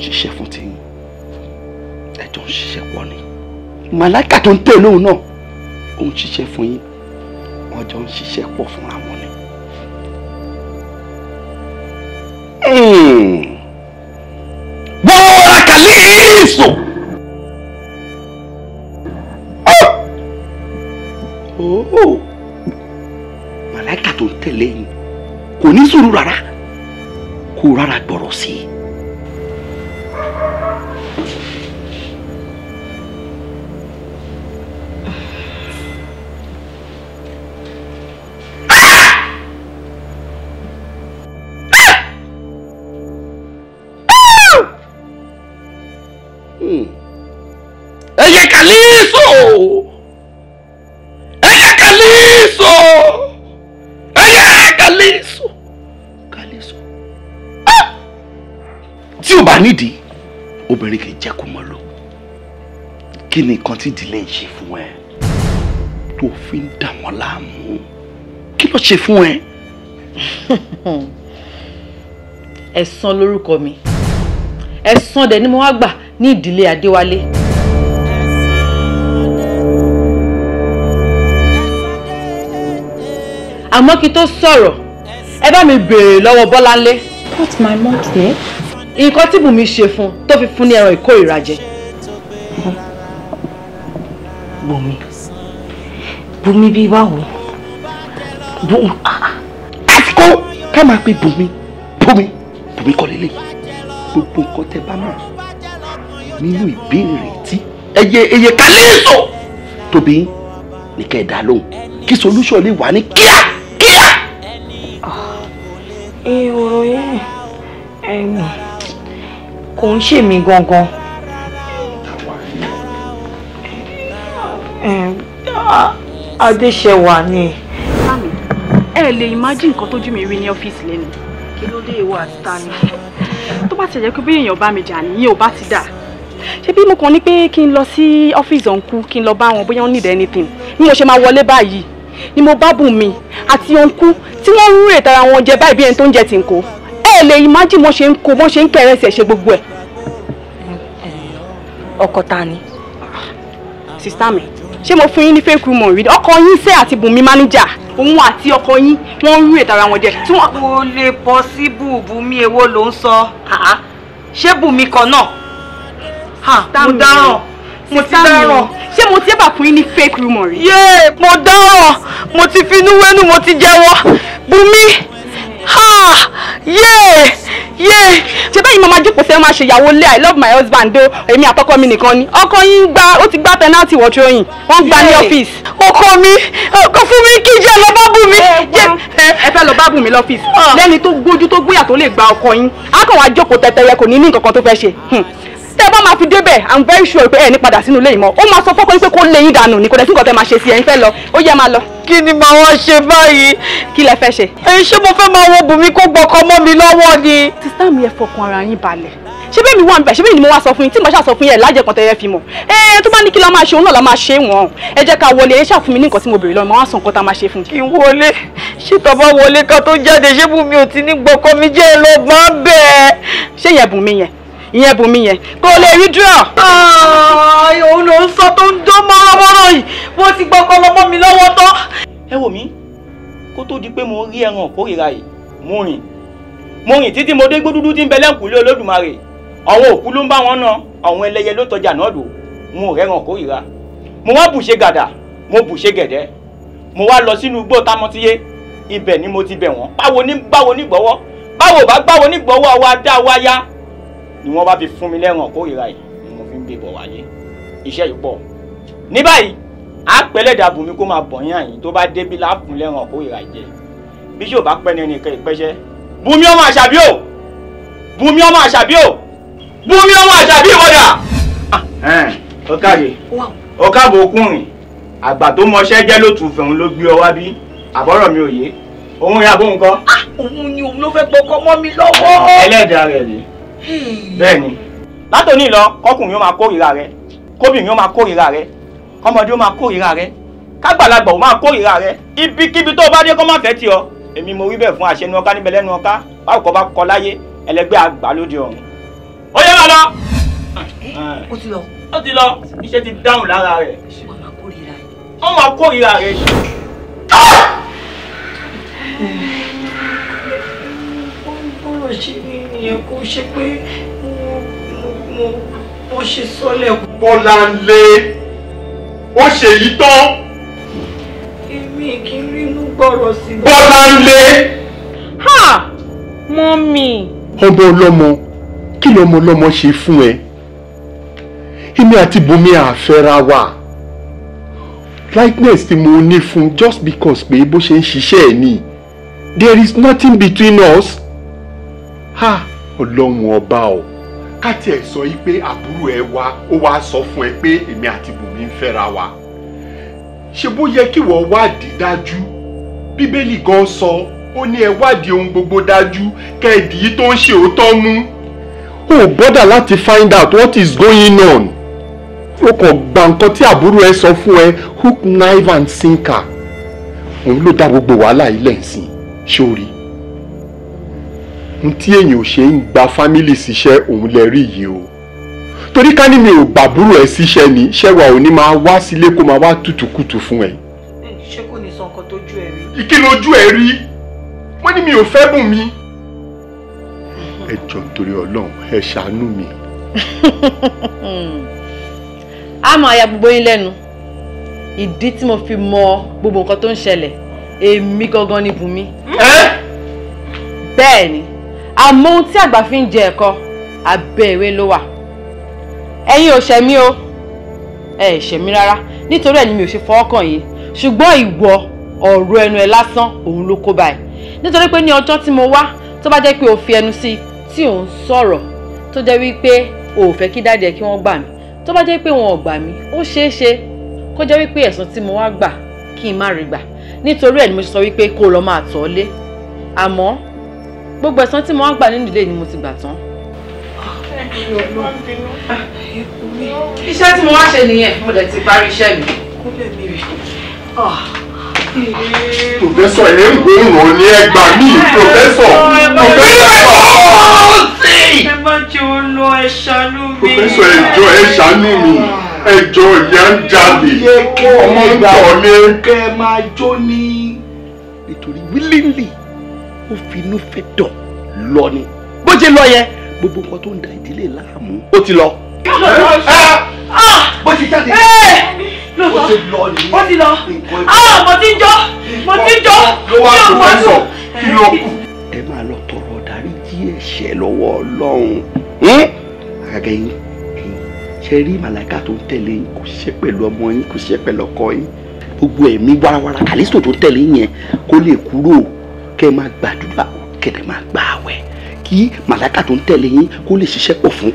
ṣiṣẹ́ fún tiyín ẹjọ́ ń ṣiṣẹ́ pọ̀ ni màláìkà tó ń tẹ̀lé òun náà ó ń ṣiṣẹ́ fún yín wọ́n jọ ń ṣiṣẹ́ pọ̀ fúnra wọn ni. gbọ́ra kàlí èso. o màláìka tó ń tẹ̀lé yìí kò ní sùúrù rárá kó rárá gbọ́rọ̀ sí i. kí ni nǹkan tí ìdílé ń ṣe fún ẹ tó fi ń dà wọ́n láàmú kí ló ṣe fún ẹ. *laughs* ẹ̀san lórúkọ mi ẹ̀san dẹ̀ ni mo wá gbà ní ìdílé adéwálé. àmọ́ kí tó sọ̀rọ̀ ẹ bá mi béèrè lọ́wọ́ bọ́láńlé. what my mom say. nǹkan tí bùnmi ṣe fún un tó fi fún ní ẹran ìkórìíra jẹ. Bumi, Bumi bíi báwo Bumi àsìkò ká máa pe Bumi, Bumi Bùnmi kọ́ lélẹ̀ gbogbo nǹkan tẹ bá mọ̀ nínú ìbéèrè tí ẹyẹ ẹyẹ kálẹ́ẹ̀sọ̀ tóbi ní kẹ́ ẹ̀ dá lóhùn kí solution lè wà ní kíá kíá. Ah, ẹ yẹn ẹ̀ kò ń ṣèmi gangan. adéṣẹwà ni. mami ẹ lè imagine nǹkan tójú mi rí ní ọ́fíìsì lẹ́nu kí ló dé ìwà àtìta ni tó bá ti jẹ́ pé bí èèyàn bá mi jà nìyẹn ò bá ti dà ṣé bí mo kàn ní pé kí n lọ sí ọ́fíìsì ọ̀nkú kí n lọ bá wọn bóyá wọ́n need anything bí mo ṣe máa wọlé báyìí ni mo bá bù mí àti ọ̀nkú tí wọ́n ń rúrè tara wọn jẹ báyìí bí ẹni tó ń jẹ ti ń kó ẹ lè imagine wọ́n ṣe ń kó wọ́n ṣe ń kẹrẹsì ẹ̀ ṣe gbogbo ẹ̀. ọkọ ta ni sista mi ṣé mo fún yín ní fake rumor rí ọkọ yín sẹ́ àti bùnmi mánéjà òun àti ọkọ yín wọ́n ń rú ìtara wọn jẹ. kò lè possible bùnmi èwo ló ń sọ ṣé bùnmi kan náà mo dáràn mo ti dáràn ṣé mo ti ẹ̀ bà fún yín ní fake rumor rí. yéè mo dáràn mo ti finú wẹ́nu mo ti jẹ́wọ́ bùnmi yéè. Yeah, ṣe bẹ́ẹ̀ Mama. màmá jókòó fẹ́ máa ṣe ìyàwó lé i love my husband o èmi àtọkọ mi nìkan ni ọkọ yín gba ó ti gba penalty wọ̀ tróyìn wọ́n gba ní ọ́fíìsì. ọkọ mi ọkọ fún mi kí jẹ́ lọ bá bù mí. ẹ fẹ́ lọ bá bù mí lọ́fíìsì ah. lẹ́ni tó gbójú tó gbóyà tó lè gba ọkọ yín á kàn wá jókòó tẹ́tẹ́rẹ́ kò ní ní nǹkan kan tó fẹ́ ṣe. Hmm tẹ́ bá máa fi débẹ̀ i'm very sure pé ẹ ní padà sínú ilé yìí mọ́ ó máa sọ fọ́kọ́ pé kó lé yín dànù ní kò dẹ̀ sí nǹkan tẹ́ máa ṣe sí ẹ̀ ń fẹ́ lọ ó yẹ máa lọ. kí ni màá wá ṣe báyìí. kí lẹ fẹ́ ṣe. èyí ṣé mo fẹ́ máa wo bùnmi kó gbọkọ mọ́ mi lọ́wọ́ ni. sísá mi ẹ fọkàn ara yín balẹ̀ ṣé bẹ́ẹ̀ mi wà níbẹ̀ ṣé bẹ́ẹ̀ ni mo wá sọ fún yín tí mo ṣàṣọ fún yín ẹ̀ lájẹ̀ kan tẹ́yẹ fi mọ̀ ẹ tó bá ní kí la máa ṣe òun náà la máa ṣe wọ́n ẹ jẹ́ ká wọlé ẹ ṣàfún mi ní nǹkan tí mo béèrè lọ́wọ́ máa sọ nǹkan tá a máa ṣe fún. kí n wọlé ṣé tọba wọlé ká tó jáde ṣé bùnmi ò ti ní gbọkọ mi jẹ́ ẹ lọ bá bẹ́ẹ̀. ṣé yẹn bùnmi yẹn ìyẹn bùnmi yẹn kó o lè rí draw. òun ló ń sọ tó ń dán mọ́rọ́mọ́rọ́ yìí bó ti gbọ́kọ́ lọ́mọ́ mi lọ́wọ́ tán. ẹ wò mí kó tó di pé mo rí ẹran kórìíra yìí mo rìn mo rìn títí mo dé gbódúdú tí ń bẹ lẹ́kùnlé olódùmarè àwọn òkú ló ń bá wọn náà àwọn ẹlẹ́yẹ ló tọjà náà dò mo rẹ́ràn kórìíra mo wá bùṣe gàdà mo bùṣe gẹ̀dẹ́ mo wá lọ sínú igbó támọ́tíyé ibẹ̀ ni mo ti bẹ̀ wọ́n báwo ní báwo ní gbọ́wọ́ báwo bá gbáwo ní gbọ́wọ́ wa dá wa ya ni wọ́n bá fi fún mi lẹ́ràn kórìíra yìí ni mo fi ń gbé bọ̀ wálé iṣẹ́ yìí pọ̀ ní báyìí àpẹlẹ́dà bùnmi kó máa bọ̀ yín àyín tó bá débi láàfún lẹ́ràn kórìíra jẹ bí yóò bá pẹ́ ní ẹnìkan ìpẹ́ṣẹ́ bùnmi ọmọ àṣàbí o bùnmi ọmọ àṣàbí o bùnmi ọmọ àṣàbí ìwọ́dà. Ah, ó káyè ó káàbọ̀ okùnrin àgbà tó mọṣẹ́ jẹ́ ló tù fẹ̀hún ló gbé ọ wá bí àbọ̀rọ̀ mi ò yé òun ìyàbọ̀ nǹkan. Ah, òun ni òun ló fẹ́ gbọ́kọ́ mọ́ mi lọ́wọ́. ẹlẹ́dàá rẹ̀ rèé bẹ́ẹ̀ ni látòní lọ kọkùnrin ó máa kórìíra rẹ kóbìnrin ó máa kórìíra rẹ kọmọdé ó máa kórìíra rẹ kágbàlagbà ó máa kórìíra rẹ ibikíbi tó bá dé kó má fẹ́ tì ọ́ èmi mo wí bẹ́ẹ̀ fún àṣẹ nu ọká níbẹ̀ lẹ́nu ọká báwo kọ́ bá kọ láyé ẹlẹgbẹ́ àgbà lóde ọ̀run. ó yẹ wà lọ. ó ti lọ. ó ti lọ iṣẹ́ ti dáhùn lára rẹ̀. wọ́n máa kórìíra rẹ̀. wọ́n máa kórìíra rẹ̀ ṣe ní ìyẹn kó ṣe pé mo mo ṣe sọ́lẹ̀. Bọ́láńlé ó ṣe yí tán. Èmi kì í rínú gbọ́rọ̀ sí. Bọ́láńlé. Ha! Mọ́mì. Ọmọ ọlọ́mọ kí lọmọ ọlọ́mọ ṣe fún ẹ? Èmi àti Bùnmi àfẹ́ra wa likeness tí mo ní fún just because pé bó ṣe ń ṣiṣẹ́ ẹ̀ ni there is nothing between us ha ọlọ́run ọba o ká tiẹ̀ sọ yìí pé àbúrò ẹ wá ó wá sọ fún ẹ pé èmi àti bùnmi ń fẹ́ra wa ṣe bó yẹ kí wọ́n wádìí dájú bíbélì gan sọ ó ní ẹ wádìí ohun gbogbo dájú kẹ́ẹ̀dì yìí tó ń ṣe òótọ́ mú. o bọ́dà láti find out what is going on o kàn gba nǹkan tí àbúrò ẹ sọ fún ẹ hook knife and sinker òun ló dá gbogbo wàhálà ilẹ̀ ń sìn ṣé o rí i n tí èyàn ò ṣe ń gba fámìlì síṣẹ́ òun lẹ rí yìí o torí ká ní mi ò gbàbúrò ẹ síṣẹ́ ni ṣẹwà òní máa wá sílé kó máa wá tùtùkùtù fún ẹ. ṣé kò ní sọ nǹkan tójú ẹ rí. kí lójú ẹ rí wọ́n ní mi ò fẹ́ bùn mi. ẹ jọ nítorí Ọlọ́run ẹ ṣàánú mi. *laughs* a máa ya gbogbo yín lẹ́nu ìdí tí mo fi mọ gbogbo nǹkan tó ń ṣẹlẹ̀ èmi gangan ni bùnmi. bẹ́ẹ̀ ni àmọ́ ohun tí àgbà fi ń jẹ ẹ̀kọ abẹ́ ìwé ló wà ẹ̀yin ò ṣẹ̀mí o ẹ ẹ̀ ṣẹ̀mí rárá nítorí ẹ̀ ni mi ò ṣe fọwọ́ kàn yìí ṣùgbọ́n ìwọ ọ̀rọ̀ ẹnu ẹ lásán òun ló kó báyìí nítorí pé ní ọjọ́ tí mo wá tó bá jẹ́ pé o fi ẹnu sí i tí òun sọ̀rọ̀ tó jẹ́ wípé o ò fẹ́ kí dáadé kí wọ́n gbà mí tó bá jẹ́ pé wọn ò gbà mí ó ṣeé ṣe kó jẹ́ wípé ẹ̀san tí mo wá gbà kí n má rí gbà nítorí ẹ̀ ni mo sọ wípé kó lọ máa tọ̀ lé àmọ́ gbogbo ẹ̀san tí mo wá gbà nínú ilé ni mo ti gbà tán. iṣẹ́ tí mo wá ṣe nìyẹn mo dẹ̀ ti parí iṣẹ́ mi. Pòfẹ́sọ̀ ilé ń gbóhùn ní ẹgbàá mi, pòfẹ́sọ̀, pòfẹ́sọ̀ sí. ẹ má jẹ́ o lọ ẹ mi. pòfẹ́sọ̀ ẹjọ́ ẹ mi ẹjọ́ ìyá ń jalè ọmọ ń tọ̀ lé. kẹ máa jó ní nítorí willingly ó finú fẹ́ dọ̀ lọ ni bó ṣe lọ yẹn gbogbo nǹkan tó ń da ìdílé láàmú ó ti lọ. Ah! Ah! bó ṣe jáde bó ṣe lọ ni ó ti lọ ah, mo ti ń jọ mo ti ń jọ mi ò wá sùn. kí ló kù. ẹ máa lọ tọrọ dáríjì ẹ̀ṣẹ̀ lọ́wọ́ Ọlọ́run hm? àgàgà yín ṣe rí màláìka tó ń tẹ̀lé yín kò ṣe pẹ̀lú ọmọ yín kò ṣe pẹ̀lú ọkọ yín gbogbo ẹ̀mí warawara kàlísò tó ń tẹ̀lé yín yẹn kó lè kúrò kẹ́ ẹ máa gbàdúrà kẹ́ ẹ máa gbà àwẹ̀ kí màláìkà tó ń tẹ̀lé yín kó lè ṣiṣẹ́ pọ̀ fún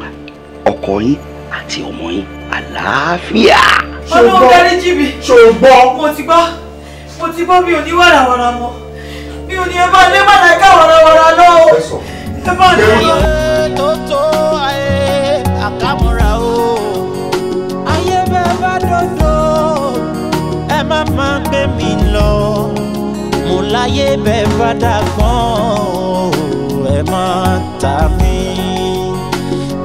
ọkọ yín àti ọmọ yín àlàáfíà. ọlọ́run dárí jì mí. ṣògbọ́. mo ti gbọ́ mo ti gbọ́ mi ò ní wàràwàrà mọ́ mi ò ní ẹ máa lé màláìkà wàràwàrà lọ ẹ máa lé wọn. tó tó ayé àkàmúra o ayé bẹ́ẹ̀ bá dọ́dọ̀ ẹ má máa gbé mi lọ láyé bẹ́ẹ̀ bá dàgbọ́n ẹ má ta mí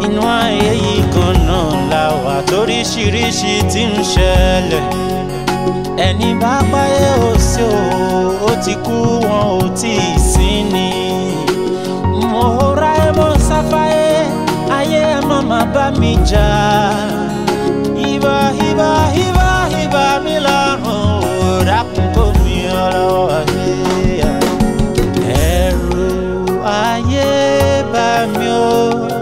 inú ayé yìí kan náà la wà toríṣiríṣi tí ń ṣẹlẹ̀ ẹni bá páyé òsè ó ti kú wọn ò tí ì sí ni mo ra ẹ mọ sáfáyé ayé ẹ má má bá mi jà ibà ibà ibà ibà mi lọ́rùn ò dákun kó mi ọ lọ́wọ́. mi